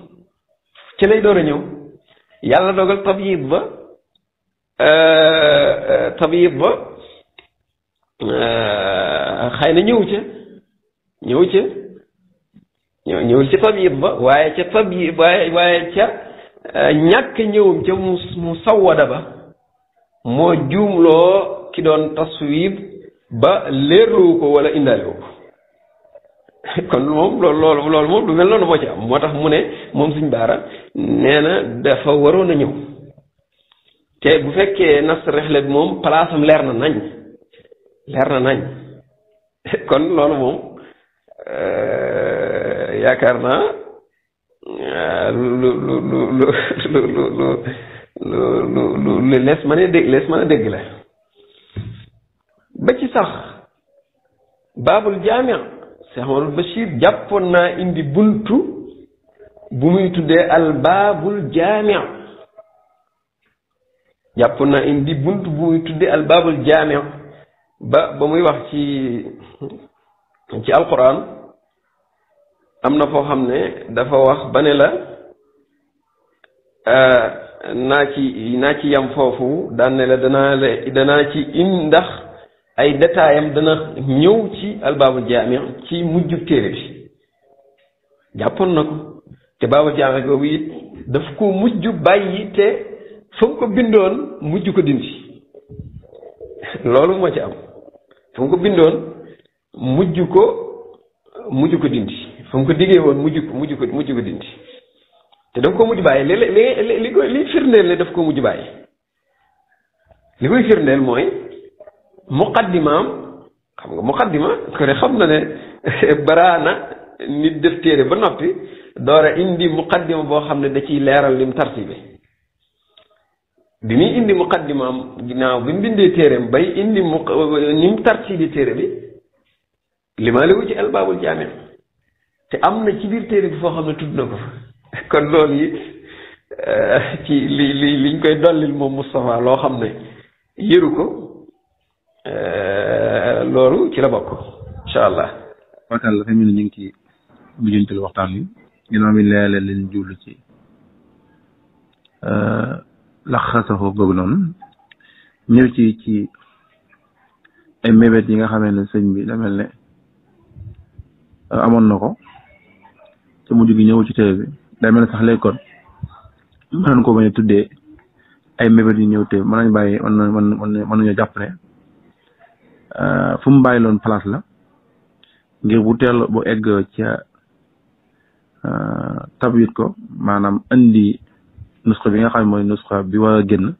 ci lay door a ñëw yàlla dogal tabib ba euh, tabib ba euh, xëy na ñëw ci ñëw ca ñëwul ci tabib ba waaye ca tabib waaye waaye ca euh, ñàkk ñëwum ca mu mu ba moo juumloo ki doon taswib ba léerluwu ko wala indaale ko kon moom loolu loolu moom lu mel noonu moo ci am moo tax mu ne moom suñ baara nee na dafa waroon a ñëw te bu fekkee nas rexle moom place leer na nañ leer na nañ kon loolu moom yaakaar naa lu lu lu lu lu lu mën a dégg la ba ci sax baabul jaamiya Cheikh Omarul Bachir jàppoon naa indi buntu bu muy tuddee albaabul jaamiu jàppoon naa indi buntu bu muy tuddee albaabul jaamiu ba ba muy wax ci ci alquran am na foo xam ne dafa wax ba ne la euh, naa ci naa ci yam foofu daan ne la danaa la danaa ci in ndax ay détaayam dana ñëw ci albaabu jaami ci mujjub téere bi jàppoon na ko te baabu jaami googu it daf ko mujj bàyyi te fa ko bindoon mujj ko dindi moo ci am fa mu mujj ko mujj ko dindi fa mu ko diggee woon mujj mujj ko mujj ko dindi te daf ko mujj bàyyi li li li ko firndeel ne daf ko mujj bàyyi li koy firndeel mooy muqaddimaam xam nga muqaddima ko ne xam na ne baraana nit def téere ba noppi doora indi muqaddima boo xam ne da ciy leeral lim tartibe bi indi muqaddimaam ginnaaw bi mu bindee téereem bay indi mu ni mu tartibi téere bi limaale wu ci albaabul jaame te am na ci biir téere bi foo xam ne tudd na ko fa kon loolu yi ci li li liñ koy dollil moom Moustapha loo xam ne yëru ko Euh, loolu ci la bokk incha allah. waxtaan la fi mu ne ñu ngi ci waxtaan wi. ginnaaw bi leele leen jublu ci euh, laxasaxu googu noonu ñëw ci ci ay mébét yi nga xamee ne sëñ bi da mel ne euh, amoon na ko te mujj gi ñëw ci teew bi da mel ne sax léegi kon mën nañu ko bañ a tuddee ay mébét yu ñëw teew mën nañu bàyyi mën nañu mën jàpp ne. Euh, fu mu bàyyi loon place la ngir bu teel bu egg ca euh, tabwit ko maanaam indi nusxa bi nga xam mooy nusxa bi war a génn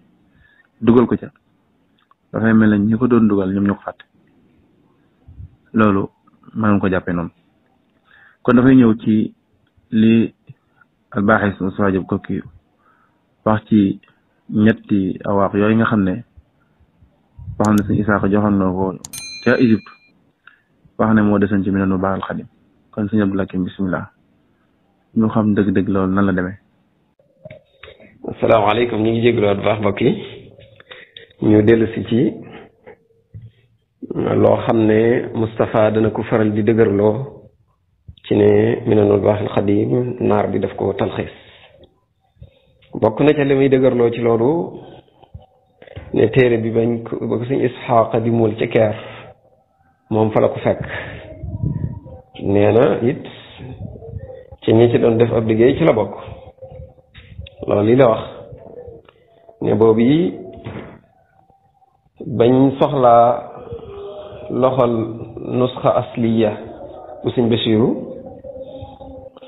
dugal ko ca dafay mel ne ñi ko doon dugal ñoom ñoo ko fàtte loolu mënoon ko jàppee noon kon dafay ñëw ci li albaaxis Moussa Diop Koki wax ci ñetti awaax yooyu nga xam ne boo xam ne suñu Isaaxa joxoon na ko ca Égypte ci Minanul Baaxil Xadim kon suñu bisimilah ñu xam dëgg-dëgg loolu demee. asalaamaaleykum ñu ngi jégalu bu baax mbokk ci loo xam ne Moustapha dana ko faral di dëgërloo. ci ne Minanul Baaxil Xadim naar bi daf ko talxiis bokk na ca li muy ci loolu ne téere bi bañ ko ba ko sëñ Isxaaqa di muul ca keer moom fa la ko fekk nee na it ci ñi ci doon def ab liggéey ci la bokk loolu li la wax ne boobu yi bañ soxlaa loxol nusxa asliya bu sëñ Basiiru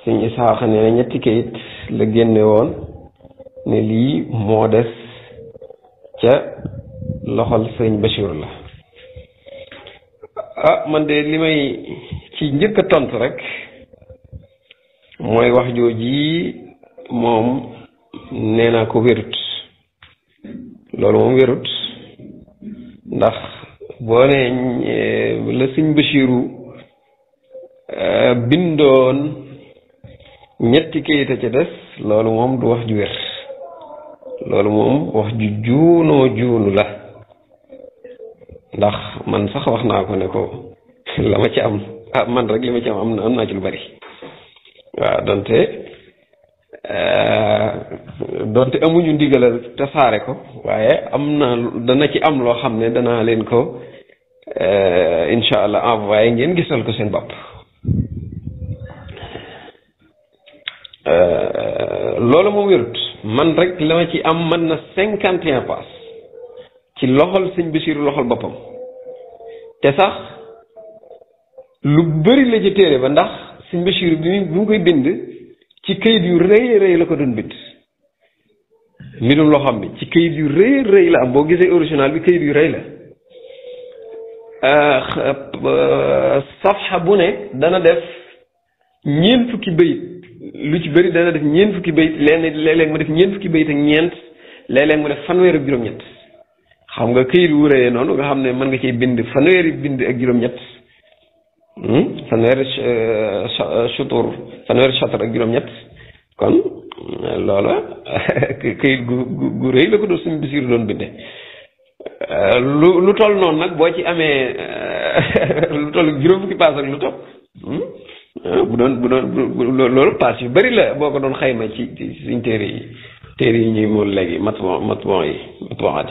sëñ Isxaaqa nee na ñetti kayit la génne woon ne lii moo des ca loxol sëriñ Bachir la ah man de li ci njëkk a tontu rek mooy wax jooji moom nee naa ko wérut loolu moom wérut ndax boo nee eh, la sëñ Bachiru eh, bindoon ñetti kayita ca des loolu moom du wax ju wér loolu moom wax ju juunoo juunu la ndax man sax wax naa ko ne ko la ma ci am ah, man rek li ma ci am am na am naa ci lu bari waaw donte euh, donte amuñu ndigalal tasaare ko waaye am na dana ci am loo xam ne danaa leen ko euh, incha allah waaye ngeen gisal ko seen bopp euh, loolu moom wérut man rek la ci am man na cinquante et un paas ci loxol sëñ Basiru loxol boppam te sax lu bëri la ci téere ba ndax sëñ Basiru bi mu koy bind ci kayit yu rëy rëy la ko doon bind mbirum loxoom bi ci kayit yu rëy rëy la am boo gisee original bi kayit yu rëy la euh, euh, safxa bu ne dana def ñeent fukki bayit lu ci bëri dana def ñeent fukki bayt léeg-léeg mu def ñeent fukki bayt ak ñeent léeg-léeg mu def fanweer ak juróom-ñett xam nga këyit wu rëyee noonu nga xam ne mën nga cee bind fanweeri bind ak juróom-ñett hmm? euh, euh, fanweeri sutur fanweeri ak juróom-ñett kon loola këyit gu gu rëy la ko doon suñu bisir doon binde euh, lu lu toll noonu nag boo ci amee lu toll juróom fukki paas ak lu topp hmm? Euh, bu doon bu doon loolu paas yu bari la boo ko doon xayma ci suñ téere yi téere yi ñuy mool léegi matbon matbon yi matbonaat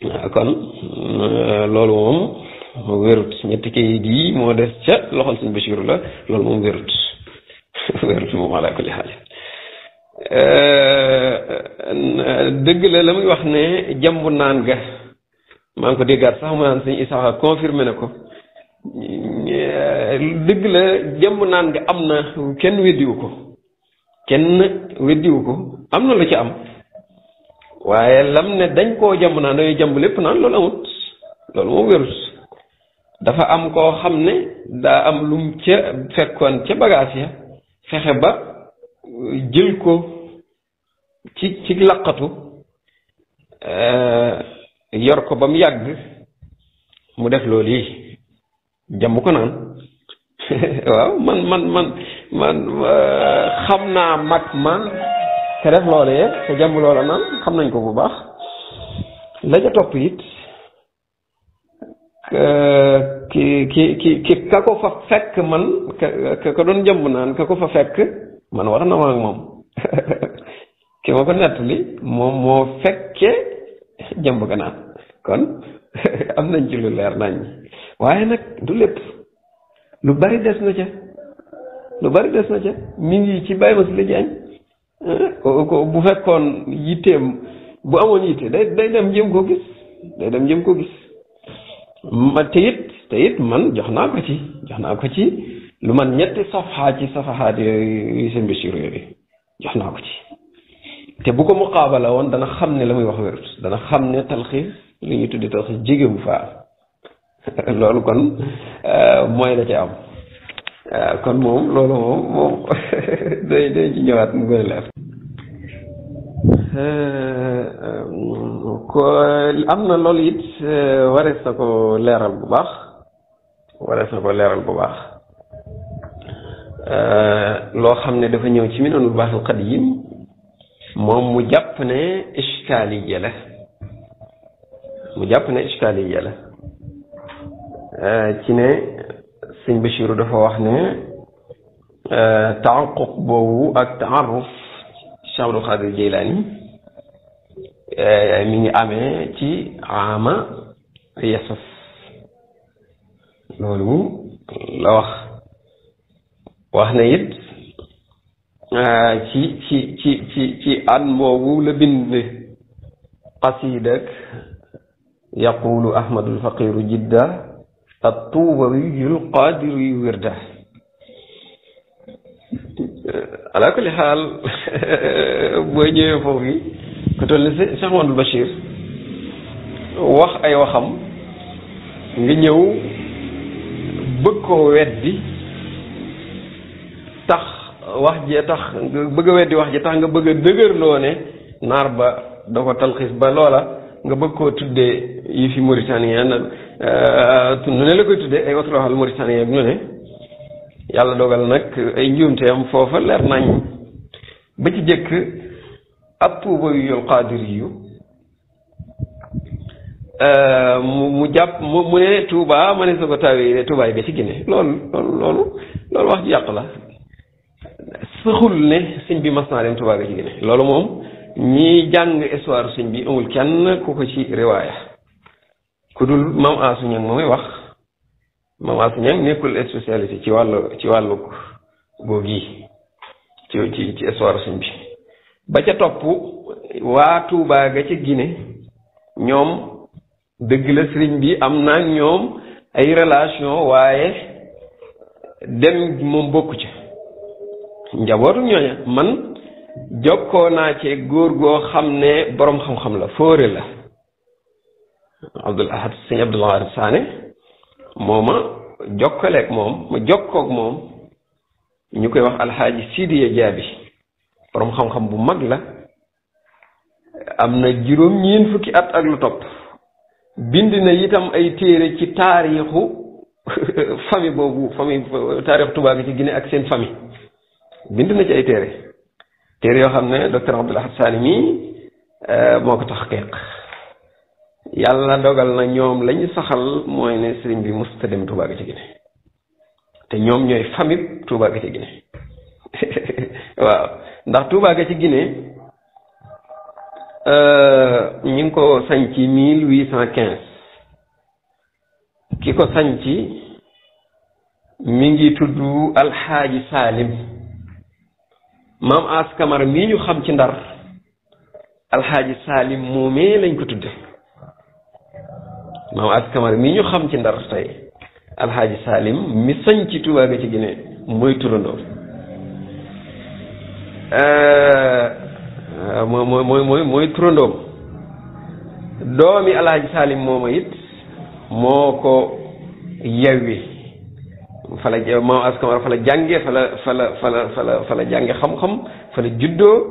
yi kon euh, loolu moom wérut ñetti kayit yi moo des ca loxol suñ Bachir la loolu moom wérut wérut moom ala kulli xaal euh, dëgg la la muy wax ne jàmbu naan ga maa ngi ko déggaat sax mu naan suñ Isaaxa confirmé na ko dëgg la jëmm naan nga am na kenn weddiwu ko kenn weddiwu ko am na lu ci am waaye lam ne dañ koo jëmm naan dañuy lépp naan loolu amut loolu moom wérut dafa am koo xam ne daa am lum ca fekkoon ca bagaas ya fexe ba jël ko ci ci laqatu euh, yor ko ba mu yàgg mu def loolu yi jambu ko nan waaw man man man man euh, xamna mak man ma te def lolé te jàmm lolé naan xam nañ ko bu baax la kaku top it euh, ke ki ki ki ka fa fek man ke ko don jëmb nan ka ko fa fek man war na ma mom ke ki ma ko nettali mo mo fekke jambu ga kon am nañ ci lu leer nañ waaye nag du lépp lu bari des na ca lu bari des na ca mi ngi ci bàyyi ma si la jaañ ko bu fekkoon yitteem bu amoon yitte day day dem jëm koo gis day dem jëm koo gis ma te it te it man jox naa ko ci jox naa ko ci lu man ñetti safaxaa ci safaxaat yooyu seen bésir yooyu jox naa ko ci te bu ko muqaabala woon dana xam ne la muy wax wér dana xam ne talxiis li ñuy tuddi talxiis jege bu faa loolu kon euh, mooy la ci am euh, kon moom loolu moom moom day day ci ñëwaat mu gën a leer euh, ko am na loolu it warees na ko leeral bu baax warees na ko leeral bu baax loo xam ne dafa ñëw ci mi noonu bu baaxul xadiim moom mu jàpp ne iskaali jële mu jàpp ne iskaali jële ci ne sëñ Bachiru dafa wax ne taanquq boobu ak taaruf Cheikh Abdul Xaadir Jeylaani mi ngi amee ci ama yasas loolu la wax wax na it ci ci ci ci ci at boobu la bind qasidak يقول أحمد الفقير جدا ak tuuba yul yu wirda euh, ala xaal boo ñëwee foofu yi ku toll ni Cheikh Mamadou Bachir wax ay waxam nga ñëw bëgg koo weddi tax wax ji tax nga bëgg a weddi wax ji tax nga bëgg a dëgërloo ne naar ba da ko talxiis ba loola nga bëgg koo tuddee yi fi mauritanien Euh, nu ne la koy tuddee ay watroxal Mauritanie ak lu ne yàlla dogal nag ay njuumteem foofa leer nañ ba ci jëkk ab tuuba yu yul xaadir yu mu mu jàpp mu mu ne tuuba ma ne sa ko tawee tuubaay ba ci Guinée loolu loolu loolu wax ji yàq la sëxul ne sëñ bi mas naa dem tuuba ba ci Guinée loolu moom ñi jàng histoire sëñ bi amul kenn ku ko ci riwaaya ku dul maam Asou ma muy wax maam Asou nekkul spécialité ci wàllu ci wàllu googu yi ci ci ci histoire bi ba ca topp waa Touba ga ca Guinée ñoom dëgg la sëriñ bi am na ñoom ay relation waaye dem moom bokku ci njabootu ñooña man jokkoo naa ci góor goo xam ne boroom xam-xam la fóore la عبد الاحد سي عبد الله الثاني موما جوكلك موم ما جوكوك موم نيكوي واخ الحاج سيدي جابي بروم خام خام بو ماغ لا امنا جيروم نين فوكي ات اك لو توب بيندنا ييتام اي تيري سي تاريخو فامي بوبو فامي تاريخ توبا بي سي غيني اك سين فامي بيندنا سي اي تيري تيري يو خامني دكتور عبد الاحد سالمي موكو تحقيق yàlla dogal na ñoom lañu saxal mooy ne sëriñ bi musta dem Touba Guinée te ñoom ñooy famille Touba Guinée waaw ndax Touba Guinée euh, ñu ngi ko sañ ci mille huit cent ki ko sañ ci mi ngi tudd alxaaji Salim maam As Kamara mii ñu xam ci ndar alxaaji Salim moomee lañ ko tudde maam ak kamara mi ñu xam ci ndar tey alxaaji salim mi sañ ci Tuubaa ga ci Gine mooy turandoo euh, mooy mooy mooy mooy turandoom doomi alxaaji salim mooma it moo ko yewwi fala maam as kamara fala jànge fala fala fala fala fala jànge xam-xam fala juddoo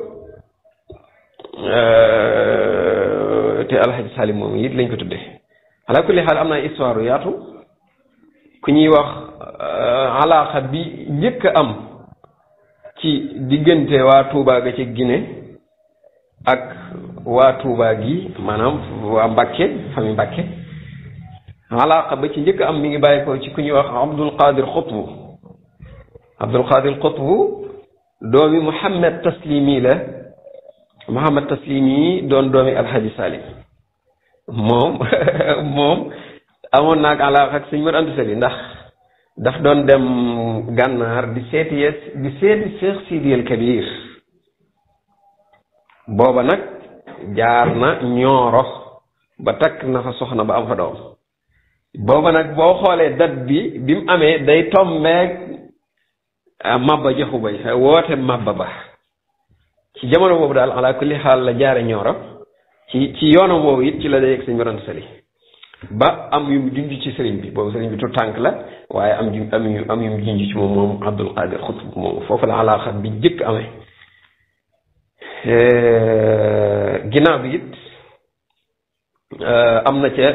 euh, te alxaaji salim mooma it lañ ko tuddee ala kulli xaal am na histoire yu yaatu ku ñuy wax euh, alaaxa bi njëkk am ci diggante waa tuubaa ga ci Guinée ak waa Touba gi maanaam waa Mbàkke famille Mbàkke alaaxa ba ci njëkk am mi ngi bàyyi ko ci ku ñuy wax Abdul Qadir Xutbu Abdul Qadir Xutbu doomi Muhammad Taslimi la Muhammad Taslimi doon doomi Alxaaji Salim moom moom amoon naa ko àllaax ak sëñ Mor Anta Sali ndax daf doon dem gànnaar di seeti yees di seeti Seex Sidiyal Kabiir booba nag jaar na ñooro ba takk na fa soxna ba am fa doom booba nag boo xoolee date bi bi mu amee day tombeeg ah, mabba joxu bay woote mabba ba ci jamono boobu daal ala kulli xaal la jaare ñooro ci ci yoonam woowu it ci la day yegg sëñ Mor Sali ba am yu mu junj ci sëriñ bi boobu sëriñ bi tu tànk la waaye am ju am yu am yu mu junj ci moom moom Abdul Qadir Xutb moom foofu la alaaxa bi njëkk amee ginnaaw bi it am na ca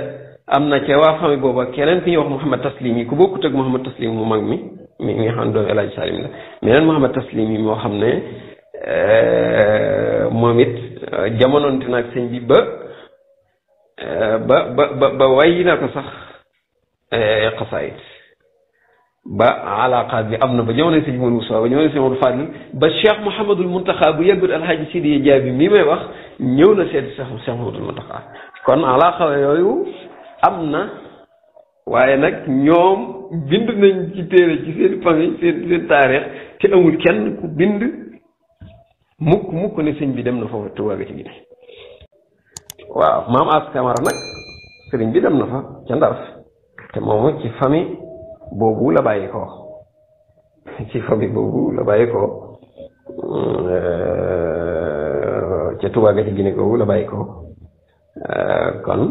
am na ca waa famille booba keneen ki ñuy wax Mouhamad Taslim yi ku bokkut ak Mouhamad Taslim mu mag mi mi nga xam ne doomu El Hadj la meneen Mouhamad Taslim yi moo xam ne. moom it jamononte sëñ bi ba ba ba ba way na ko sax qasayit ba alaaqaat bi amna ba jamono sëñ mo Moussa ba jamono sëñ mo Fadil ba Cheikh mohammed al muntakha bu al hadji Sidi jabi mi may wax ñëw na seet Cheikh mohammed al muntakha kon alaqa yoyu amna waye nak ñom bind nañ ci téré ci seen famille seen seen taarix te amul kenn ku bind mukk mukk ne sëñ bi dem na foofu Touba Gatigui waaw maam As Camara nag sëriñ bi dem na fa ca Ndar te moomu ci famille boobu la bàyyi ko ci famille boobu la bàyyi ko euh, ca Touba Gatigui ne googu la bàyyi ko euh, kon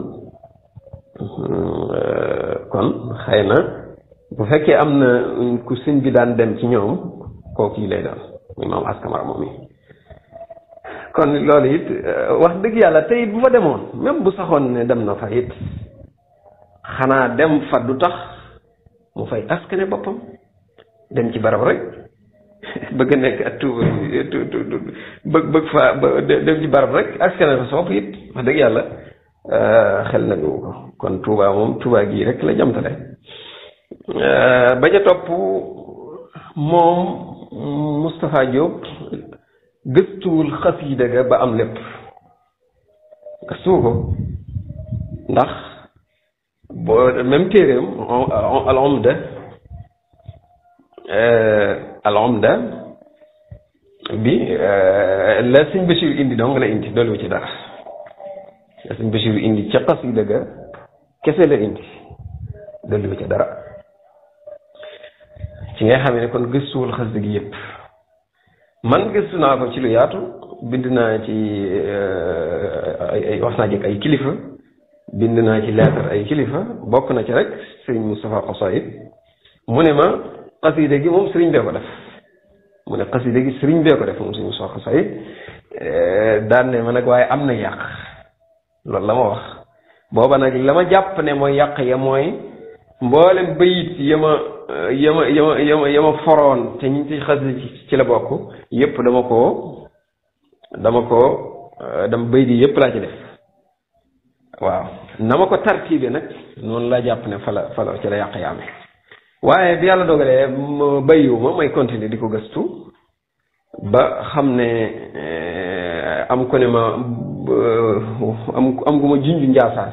euh, kon xëy na bu fekkee am na ku sëñ bi daan dem ci ñoom kooku yi lay daal maam As Camara moom yi kon loolu it euh, wax dëgg yàlla te it bu fa demoon même bu saxoon ne dem na fa it xanaa dem fa du tax mu fay askane boppam dem ci barab rek bëgg nekk ak tuuba bëgg bëgg dem ci barab rek askane fa sopp it wax dëgg yàlla euh, xel na ko kon tuuba moom tuuba gii rek la jamtale euh, ba ca topp moom Moustapha Diop gëstuwul xasiida ga ba am lépp gëstuwu ko ndax boo même téeréem al omda al omda bi la sëñ Bachir indi dong la indi dolliwu ci dara la sëñ Bachir indi ca xasiida ga kese la indi dolliwu ci dara ci nga xam ne kon gëstuwul xasiida gi yépp man gëstu naa ko ci lu yaatu bind naa ci eh, ay wax naa jëkk ay kilifa bind naa ci leetar ay kilifa bokk na ci rek sëriñ Moustapha Xasaayid mu ne ma xasida gi moom sëriñ bee ko def mu ne xasida gi sëriñ bee ko def moom sëriñ Moustapha Xasaayid eh, daan ne ma nag waaye am na yàq loolu la ma wax booba nag la ma jàpp ne mooy yàq ya mooy mboolem bayit ya ma yama yama yama yama foroon te ñi ci xasida ci la bokk yëpp dama ko dama ko euh, dama bay di yëpp laa ci def waaw na ma ko tartiibe nag noonu laa jàpp ne fala fala ci la yàq yaame waaye bi yàlla dogalee ma bayu may continuer di ko gëstu ba xam ne euh, am ko ne ma euh, am am gu ma junju njaasaan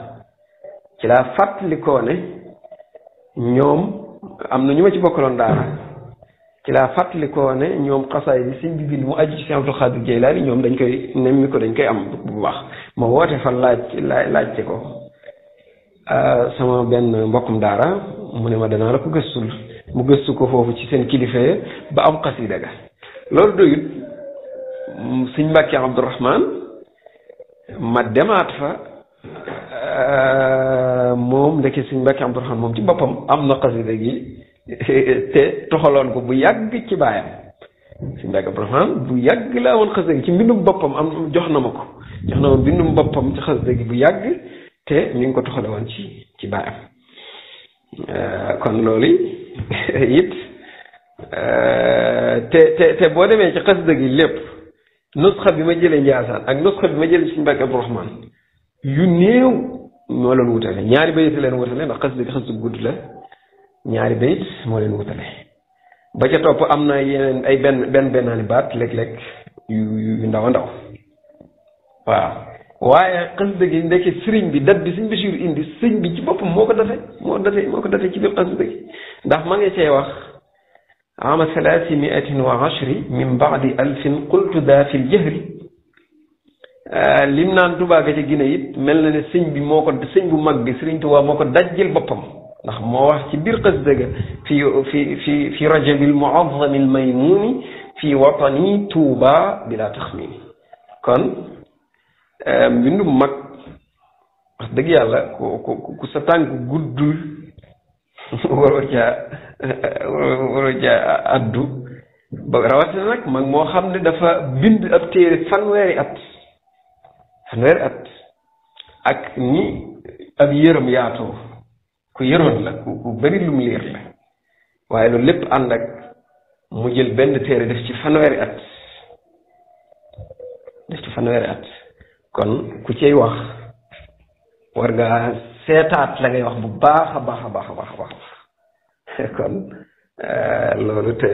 ci laa fàttalikoo ne ñoom am na ñu ma ci bokkaloon daara ci laa fàttalikoo ne ñoom xasaay bi sëñ bi bind mu aju ci Sëñ Abdul Xaadir Jeylaani ñoom dañ koy nemmi dañ koy am bu baax ma woote fa laaj laajte ko euh, sama benn mbokkum daara mu ne ma danaa la ko gëstul mu gëstu ko foofu ci seen kilifa ba am xasida ga loolu doyut sëñ Mbàkke Abdurahmaan ma demaat fa mom moom ndeke sëñ mbacke am burhan mom ci bopam am na qasida gi te toxalon ko bu yàgg ci bayam sëñ mbacke burhan bu yàgg la won qasida ci bindum bopam am jox na ma ko jox na ma mbindum ci qasida gi bu yàgg te mi ngi ko toxale woon ci ci bayam kon loli yit te te te bo demé ci qasida gi lépp nuskha bima jëlé jëlee ak nuskha bima jëlé jëlee mbacke burhan يونيو مولا نوتالي نياري بيت لين وتالي نقص لي خص غودلا نياري بيت مولا نوتالي باجا توب امنا يين اي بن بن بنان بات ليك ليك يو ندو ندو وا واي قصد دي نديك سيرين بي دات سيرين بي سير اندي سيرين بي سي بوب موكو دافاي مو دافاي موكو دافاي سي بي قصد دي داخ ماغي سي واخ عام 310 من بعد 1000 قلت ذا في الجهر lim naan tubaake ci Guinée it mel na ne sëñ bi moo ko sëñ bu mag bi Sëriñ Tuubaa moo ko dajjil boppam ndax moo wax ci biir xasida ga fi fi fi fi rajabil muazzamil maymuni fi watani tuuba bila taxmini kon mbindum mag wax dëgg yàlla ku ku ku sa tànk guddul waroo caa waroo caa addu ba rawatina nag mag moo xam ne dafa bind ab téere fanweeri at fanweer at ak ni ak yërëm yaatoo ku yëroon la ku ku bëri lum liir la waaye loolu lépp ànd ak mu jël benn téere def ci fanweeri at def ci fanweeri at kon ku cey wax war nga seetaat la ngay wax bu baax a baax a baax a baax a baax kon loolu te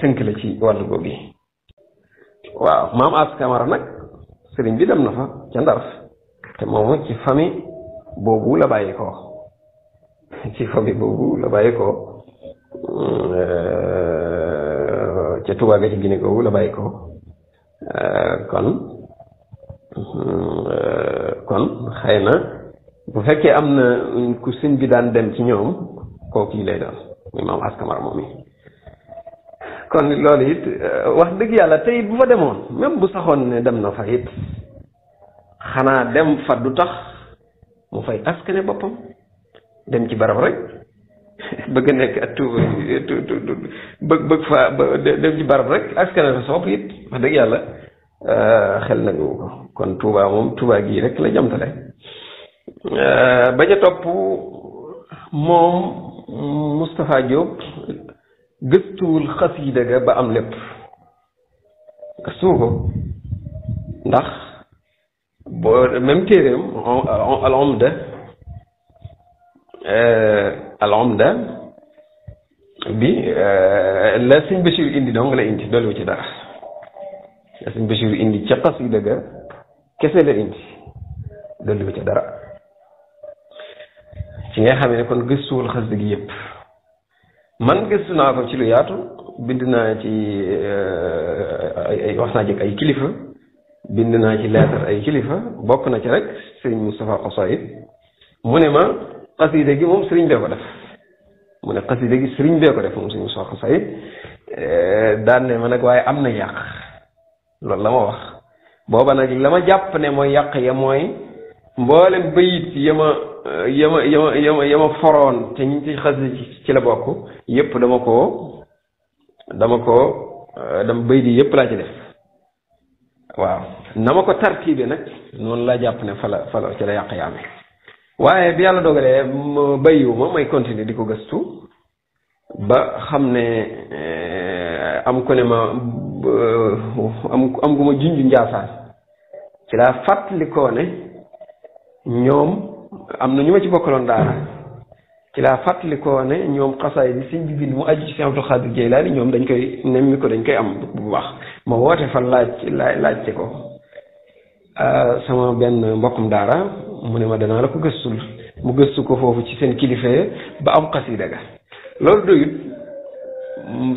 tënk la ci wàllu googu waaw maam as camara nag sëriñ bi dem na fa ca te moomu ci famille boobu la bàyyi ci famille boobu la bàyyi ko euh, ca Tuubaa ga ci Guinée googu la bàyyi euh, kon euh, kon na bu fekkee am na ku sëñ bi daan dem ci ñoom kook yi lay doon muy maam askamar moom yi kon loolu it euh, wax dëgg yàlla tey bu fa demoon même bu saxoon ne dem na fa it xanaa dem fa du tax mu fay askane boppam dem ci barab rek bëgg nekk ak tuuba bëgg fa dem ci barab rek askane fa sopp it wax dëgg yàlla euh, xel nangu ko kon tuuba moom tuuba gii rek la jamtale euh, ba ca topp moom Moustapha Diop gëstuwul xasiida ga ba am lépp gëstuwu ko ndax boo même téeréem al omda euh, al omda bi euh, la sëñ Bachir indi dong la indi dolliwu ci dara la sëñ Bachir indi ca xasiida ga kese la indi dolliwu ci dara ci nga xam ne kon gëstuwul xasiida gi yépp man gëstu naa ko ci lu yaatu bind naa ci eh, ay wax naa jëkk ay kilifa bind naa ci leetar ay kilifa bokk na ci rek sëriñ Moustapha Xasaayid mu ne ma a gi moom sëriñ bee ko def mu ne xasida gi sëriñ bee ko def moom sëriñ Moustapha Xasaayid eh, daan ma nag waaye am na yàq loolu la ma wax booba nag la ma jàpp ne mooy yàq ya mooy mboolem bayit ya ma yama yama yama yama foroon te ñu ci xas ci la bokk yépp dama ko dama ko euh, dama bay di yépp laa ci def waaw na ma ko tartiibe nag noonu laa jàpp ne fala fala ci la yàq yaame waaye bi yàlla dogalee ma bayiwu may continuer di ko gëstu ba xam ne euh, am ko ne ma euh, am am gu ma junj njaasaan ci laa fàttalikoo ne ñoom am na ñu ma ci bokkaloon daara ci laa fàttalikoo ne ñoom xasaay bi sëñ bi bind mu aju ci sëñ Abdul Xaadir Jeylaani ñoom dañ koy nemmi ko dañ koy am bu baax ma woote fa laaj laajte ko sama benn mbokkum daara mu ne ma danaa la ko gëstul mu gëstu ko foofu ci seen kilifa ba am xasida ga loolu doyut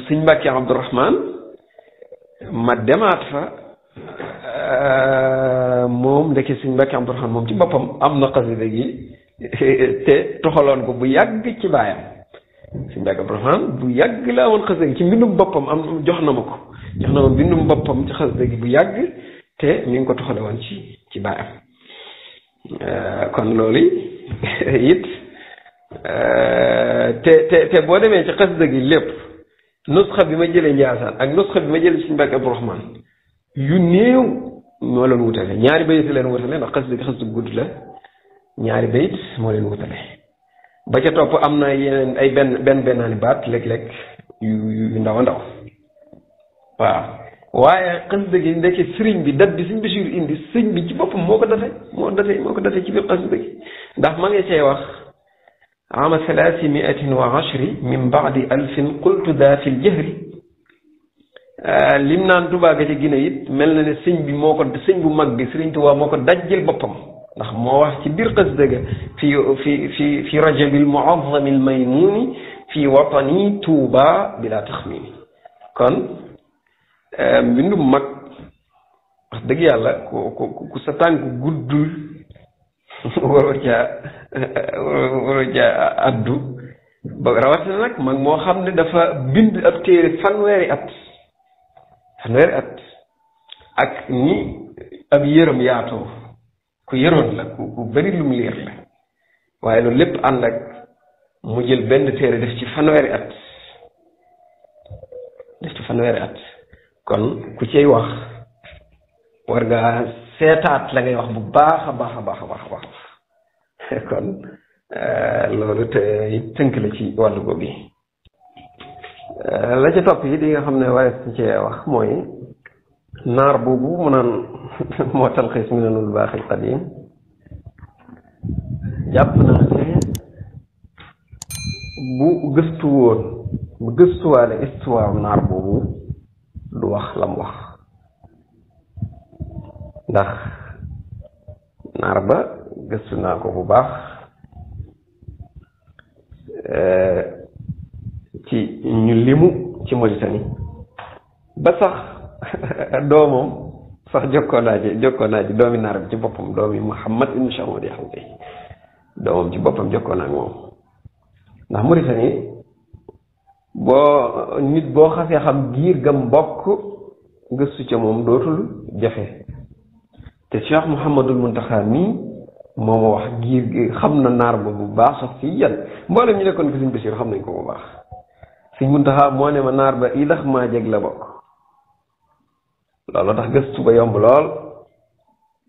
sëñ Mbàkke Abdurahmaan ma demaat fa mom ndeke ci Mbàkke Abdu burhan mom ci bopam am na xasida gi te toxalon ko bu yàgg ci bayam sëñ Mbàkke burhan bu yàgg la won xasida ci bindu bopam am jox na ma ko jox na ma mbindum ci xasida gi bu yàgg te mi ngi ko toxale ci ci bayam kon loli yit te te te bo demé ci xasida gi lépp nusxa bi ma jëlee Njaasaan ak nusxa bi ma jëlee sëñ Mbàkke يونيو مولن وتلة نياري بيت لين لا نقص دي خص بقول لا نياري بيت مولن وتلة بقى توبو أمنا ين أي بن بن بن على بات لك لك يندو يندو با واي قص دي عند كي سرين بيد بيسين بيشيل إند سرين بيجي بابو مو كده في مو كده في مو كده في كيف قص دي ده ما يشيء واخ عام ثلاثمائة وعشر من بعد ألف قلت ذا في الجهري lim naan Touba ga ci Guinée it mel na ne sëñ bi moo ko sëñ bu mag bi Sëriñ Touba moo ko dajjil boppam ndax moo wax ci biir xasida ga fi fi fi fi rajabil muazzami al maymuni fi watani Touba bila taxmini kon mbindum mag wax dëgg yàlla ku ku ku sa tànk guddul waroo caa waroo caa addu ba rawatina nag mag moo xam ne dafa bind ab téere fanweeri at fanweeri at ak ni ab yëram yaatoo ku yëroon la ku ku bëri lum liir la waaye loolu lépp ànd ak mu jël benn téere def ci fanweeri at def ci fanweeri at kon ku ciy wax war nga seetaat la ngay wax bu baax a baax a baax a baax a baax kon loolu te tënk la ci wàllu googu Euh, la ci topp yi di nga xam ne waaye ci cee wax mooy naar boobu mu naan moo talxiis mi nanul baaxil qadim jàpp naa ne bu gëstu woon bu gëstuwaale histoire naar boobu du wax lam wax ndax naar ba gëstu naa ko bu baax euh, ci ñu limu ci Mauritanie ba sax doomam sax jokkoo naa ci doomi naar bi ci boppam doomi Muhammad ibn Sharmadi Hamdi doomam ci boppam jokkoo naa ak moom ndax nit boo xasee xam giir gam mbokk gëstu ca moom dootul jafe te Cheikh Mouhamadul Muntaxa nii moom wax giir xam na naar ba bu baax sax fii yan mboolem ñu nekkoon ko suñ Basiir xam nañ ko bu baax suñ muntaxaa moo ne ma naar ba i lax maa jeg la bokk loolu tax gëstu ba yomb lool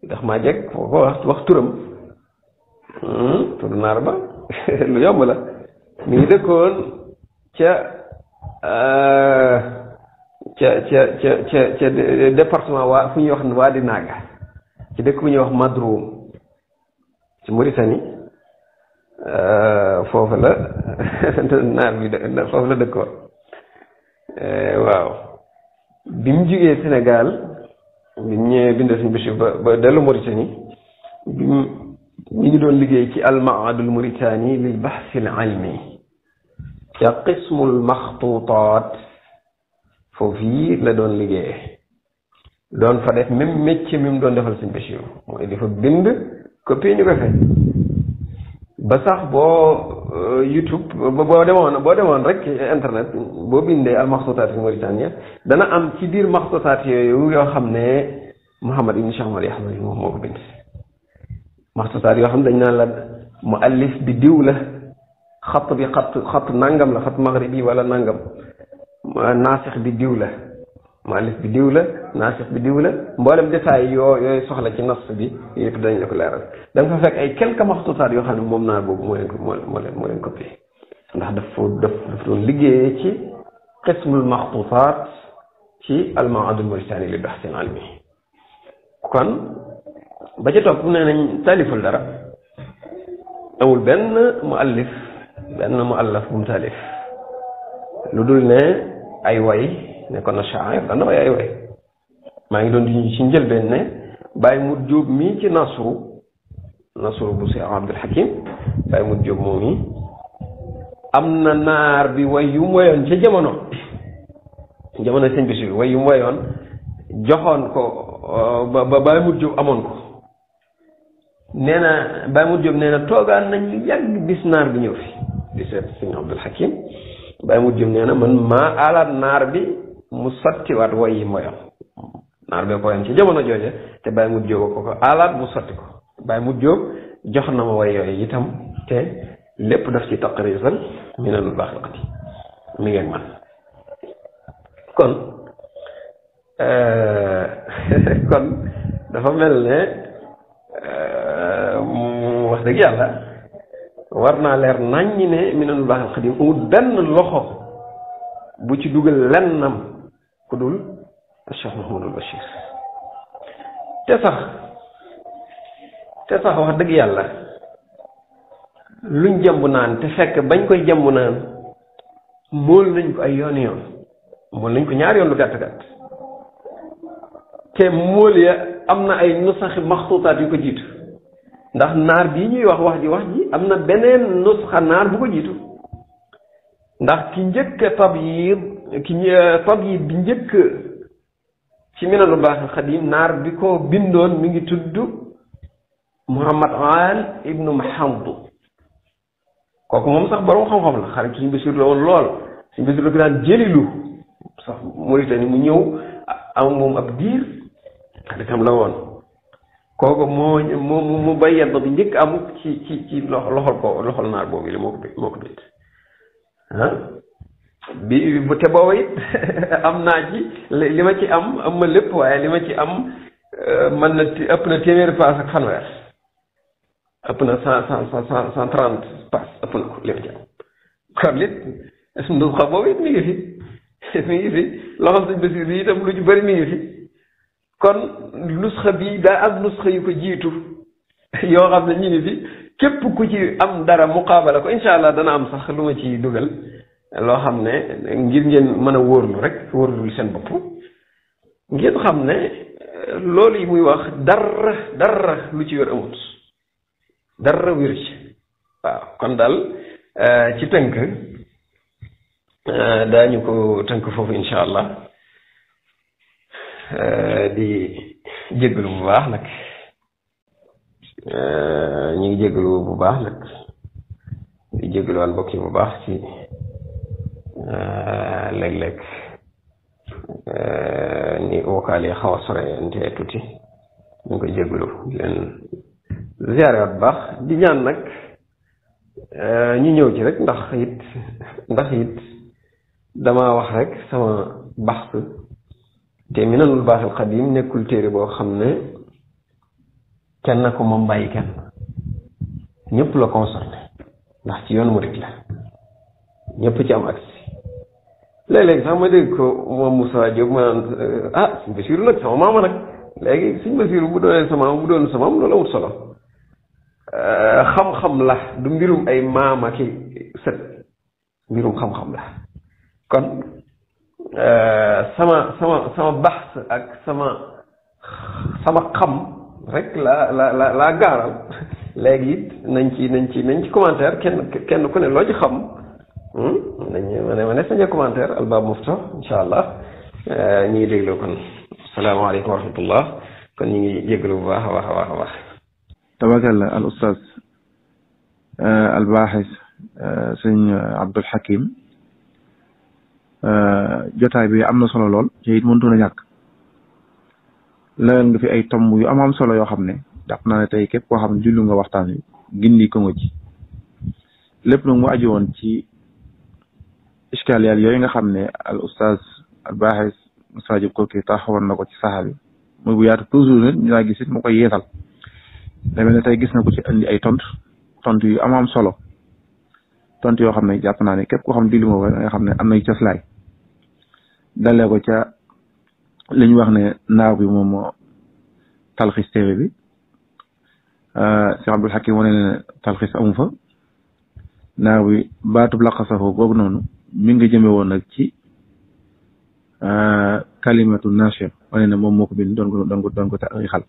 i lax maa jeg foo ko wax wax turam hmm, naar ba lu yomb la mi dëkkoon euh, ca ca ca ca ca département fu ñuy wax waa naaga ci dëkk bu ñuy wax Madroum ci Mauritanie euh, foofu la naar bi de foofu la dëkkoon waaw bi mu jugee Sénégal bi mu ñëwee bindee suñu Bachir ba ba dellu Mauritanie bi mu ñu ngi doon liggéey ci almaadul Mauritanie lil baxsil almi ca qismul maxtuutaat foofu yi la doon liggéey doon fa def même métier mi mu doon defal suñu Bachir mooy dafa bind copie ñu ko fay. بصح بو يوتيوب بو ديمون بو ديمون رك انترنت بو بيندي المخطوطات في موريتانيا دا أنا ام سي دير مخطوطات يو يو خامني محمد بن شام الله يحفظه مو مو بنت مخطوطات يو خامني دنجنا لا مؤلف بي ديو لا خط بي خط خط نانغام لا خط مغربي ولا نانغام ناسخ بي ديو لا مؤلف بي ديو ناسخ بدي ولا مبالم دفاع يو يو سخلة كي نص بي يبدأ يقول لا رأس دم ففك أي كل كم خطوة تاري يخلي ممنا بوب مولين مولين مولين كبي ده دفو دف دفو لجي كي قسم المخطوطات كي المعاد المجتاني للبحث العلمي كان بجت وقفنا أن تالف الدرا أول بن مؤلف بن مؤلف ممتالف لدولنا أي واي نكون شاعر لأنه أي واي maa ngi doon di ci njëlbeen ne Baye Mout Diop mii ci Nasru Nasru bu Seex Abdul Hakim Baye Mout Diop moom am na naar bi way wayoon ca jamono jamono sëñ bi si way wayoon joxoon ko ba ba Baye amoon ko nee na Baye Mout Diop nee na toogaan nañ lu yàgg bis naar bi ñëw fi di seet sëñ Abdul Hakim Baye Mout Diop nee man maa alaat naar bi mu sottiwaat way yi mu wayoon naar bee ko woyoon ci jamono jooje te bàyyi mu jóoba ko ko aalaat mu sotti ko bàyyi mu jóob jox na ma way yooyu itam te lépp daf ci taqrisan minanul baax qadim mi ngeen man kon euh, dafa mel ne mu euh, wax dëgg yàlla war naa leer naññi ne minanul baaxil qadim amul benn loxo bu ci dugal lennam ku dul Cheikh te sax te sax wax dëgg yàlla luñ jëmb naan te fekk bañ koy jëmb naan mool nañ ko ay yoon yoon mool nañ ko ñaar yoon lu gàtt gàtt te mool ya am na ay nusaxi maxtuutaat yu ko jiitu ndax naar bi ñuy wax wax ji wax ji am na beneen nusxa naar bu ko jiitu ndax ki njëkk tab yi ki eh, njëkk ci minanu baaxil xadim naar bi ko bindoon mi ngi tudd Muhammad Al ibnu Mahad kooku moom sax borom xam-xam la xarit suñu Basiru la woon lool suñu Basiru la ko daan jëlilu sax Mauritanie mu ñëw am moom ab diir xaritam la woon kooku moo moo mu bayyan ba bi njëkk am ci ci ci loxol ko naar boobu li moo ko moo ko bind bi bu te booba it am naa ci li ma ci am am ma lépp waaye li ma ci am euh, mën na ëpp na téeméeri paas ak fanweer ëpp na cent cent cent cent ëpp na ko li ma ci am kon it ndu lu ci bëri mi ngi fi kon nusxa bi daa am nusxa yu ko jiitu yoo xam ne ñu ngi fi képp ku ci am dara muqaabala ko incha allah dana am sax lu ma ci dugal loo xam ne ngir ngeen mën a wóorlu rek wóorlul seen bopp ngeen xam ne loolu yi muy wax dara dara lu ci wér amut dara wéru ci waaw kon dal euh, ci tënk euh, dañu ko tënk foofu incha allah euh, di jégalu bu baax nag ñu ngi jégalu bu baax nag di jégaluwaan mbokk bu baax Euh, léeg-léeg euh, ni vocal xaw a soreyante tuuti mu ko jégalu leen ziarewaat baax di ñaan nag euh, ñu ñëw ci rek ndax it ndax it dama wax rek sama baax te minanul baaxil xadim nekkul téere boo xam ne kenn ko moom bàyyi kenn ñëpp la concerné ndax ci yoonu murid la ñëpp ci am accès léeg-léeg sax ma dégg ko moom Moussa Diop ma naan eh, ah suñu Basiiru nag sama maama nag léegi suñu Basiiru bu doonee sama maam bu doon sama maam loolu solo eh, xam-xam la du mbirum ay maama ki sët mbirum xam-xam la kon eh, sama sama sama baax ak sama sama xam rek laa la la laa gaaral léegi it nañ ci nañ ci nañ ci commentaire kenn kenn ku ne loo ci xam Hmm? nañ ma ne ma ne sañ commentaire albaab mufta insha allah euh, ñu ngi déglu kon salaamaaleykum wa rahmatullah kon ñu ngi jégalu bu baax a baax a baax a baax tabarakallah al ustaz euh, al baaxis euh, sëñ Abdul Hakim jotaay bi am na solo lool te it na ñàkk lëral nga fi ay tomb yu am am solo yoo xam ne jàpp naa ne tey képp koo xam ne jullu nga waxtaan wi gindi ko nga ci lépp mu aju woon ci إشكاليات يوي نغا خامني الأستاذ الباحث مساجد كوكي تاخو نكو سي صحابي موي بو ياتو توجور نيت نيغا غيس نيت موكاي ييتال دامل تاي غيس نكو سي اندي اي تونت تونت يو امام سولو تونت يو خامني جابنا ني كيب كو خام دي لومو نغا خامني امناي تياسلاي داليكو تيا لي نيو واخني ناو بي مومو تلخيص تي بي ا آه، سي عبد الحكيم تلخيص امو ناوي باتو بلاقصه فوق mi nga jëme woon nag ci kalimatu nasir wane ne moom moo ko bind doon ko doon ko doon ko tarixal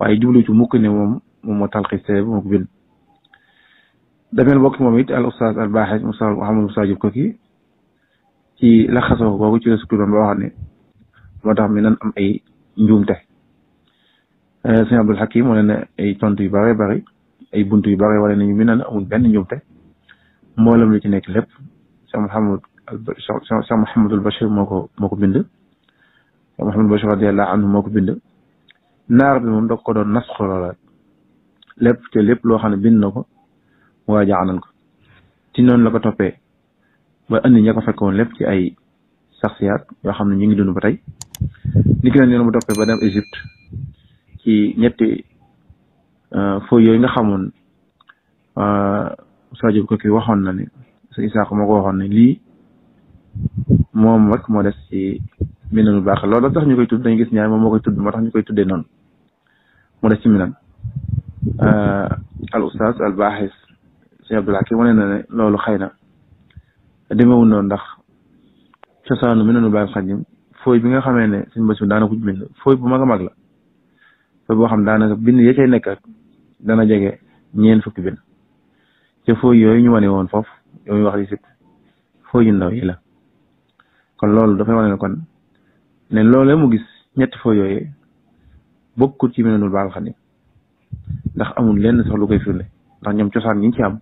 waaye jublu ci mukk ne moom moom moo talxis te moo ko bind dameel bokk moom it al ustaaz al baaxeej Moussa Mouhamadou Moussa Diop Koki ci la xasoo googu ci la sukki doon ba wax ne moo tax mi nan am ay njuumte sëñ Abdul Hakim wane ne ay tontu yu bare bari ay buntu yu bare wane ne ñu mi nan amul benn njuumte mboolam li ci nekk lépp Cheikh Mouhamadou Cheikh Mouhamadul Bachir moo ko moo ko bind Cheikh Mouhamadul Bachir radiyallahu anhu moo ko bind naar bi moom da ko doon nasxu loola lépp te lépp loo xam ne bind na ko waa jaaxal ko ci noonu la ko toppee ba indi ña ko fekkoon lépp ci ay saxsiyaat yoo xam ne ñu ngi dund ba tey ni ki noonu mu toppee ba dem Égypte ci ñetti euh, foo yooyu nga xamoon euh, Sadio Koki waxoon na ni su Isaaxa moo ko waxoon ne lii moom rek moo des ci Minanul Baaxi loolu la tax ñu koy tudd dañu gis ñaar moom moo koy tudd moo ñu koy tuddee noonu moo des ci Minan al ustaas al baaxis Cheikh Abdoul Hakim wane na ne loolu xëy na ndax noonu ndax cosaanu Minanul Baaxil Xadiim fooy bi nga xamee ne suñu bés bi daanaka bind fooy bu mag a mag la fooy boo xam daanaka bind ya cay nekkat dana jege ñeent fukki bind te fooy yooyu ñu wane woon foofu yu muy wax li sit foo yu ndaw yi la kon loolu dafay wane ne kon ne loolu mu gis ñetti foo yooyee bokkul ci Minanul Baaqil Qadiim ndax amul lenn sax lu koy firnde ndax ñoom cosaan ñi ci am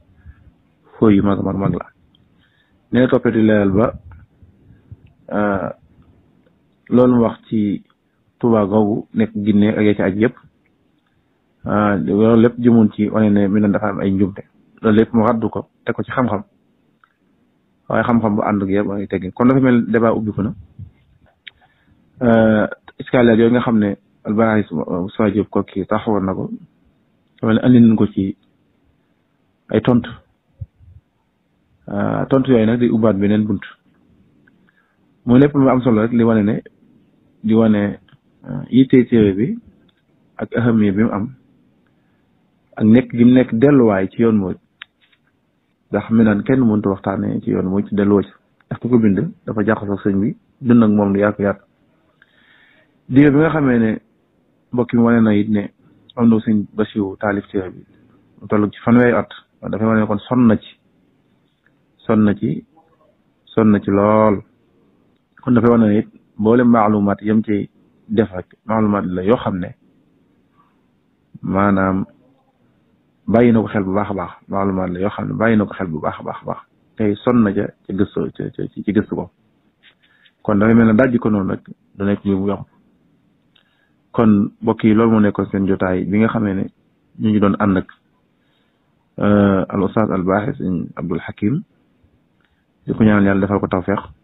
foo yu mag mag mag la nee na toppee di ba euh, loolu mu wax ci Tuubaa googu nekk Ginne ak ya ci aj yëpp euh, loolu lépp jëmoon ci wane ne mi dafa am ay njumte loolu lépp mu raddu ko teg ci xam-xam waaye xam-xam bu ànd ak yëpp ay teggin kon dafa mel débat ubbiku na iskalaat euh, yooyu nga xam ne albarais Moussa Diop kooki won na ko dafa mel ne andi nañ ko ci ay tontu euh, tontu yooyu nag di ubbaat beneen bunt mooy lépp lu am solo rek li wane ne di wane euh, yitte téere bi ak ahamiya bi mu am ak nekk gi mu nekk delluwaay ci yoon mooy nga xam ne naan kenn mënut a waxtaanee ci yoonu mooy ci delloo ci ndax ku ko bind dafa jaxasoo sëñ bi dund ak moom lu yàgg yàgg diir bi nga xamee ne mbokk mi wane na ne am na sëñ Basiru taalif téere bi mu toll ci fanweeri at dafa wane ne kon sonn na ci son na ci sonn na ci lool kon dafay wane ne it boole maalumaat yam ci def maalumaat la yoo xam ne maanaam bàyyi na ko xel bu baax a baax maalumaat la yoo xam ne bàyyi na ko xel bu baax a baax baax tey sonn na ca ca gëstu ci ci gëstu ko kon dafay mel ne dajji ko noonu nag du nekk mbir mu yomb kon mbokk yi loolu moo nekkoon seen jotaay bi nga xamee ne ñu ngi doon ànd ak euh, al ustaas al baaxis Abdul Hakim di ko ñaanal yàlla defal ko tawfeex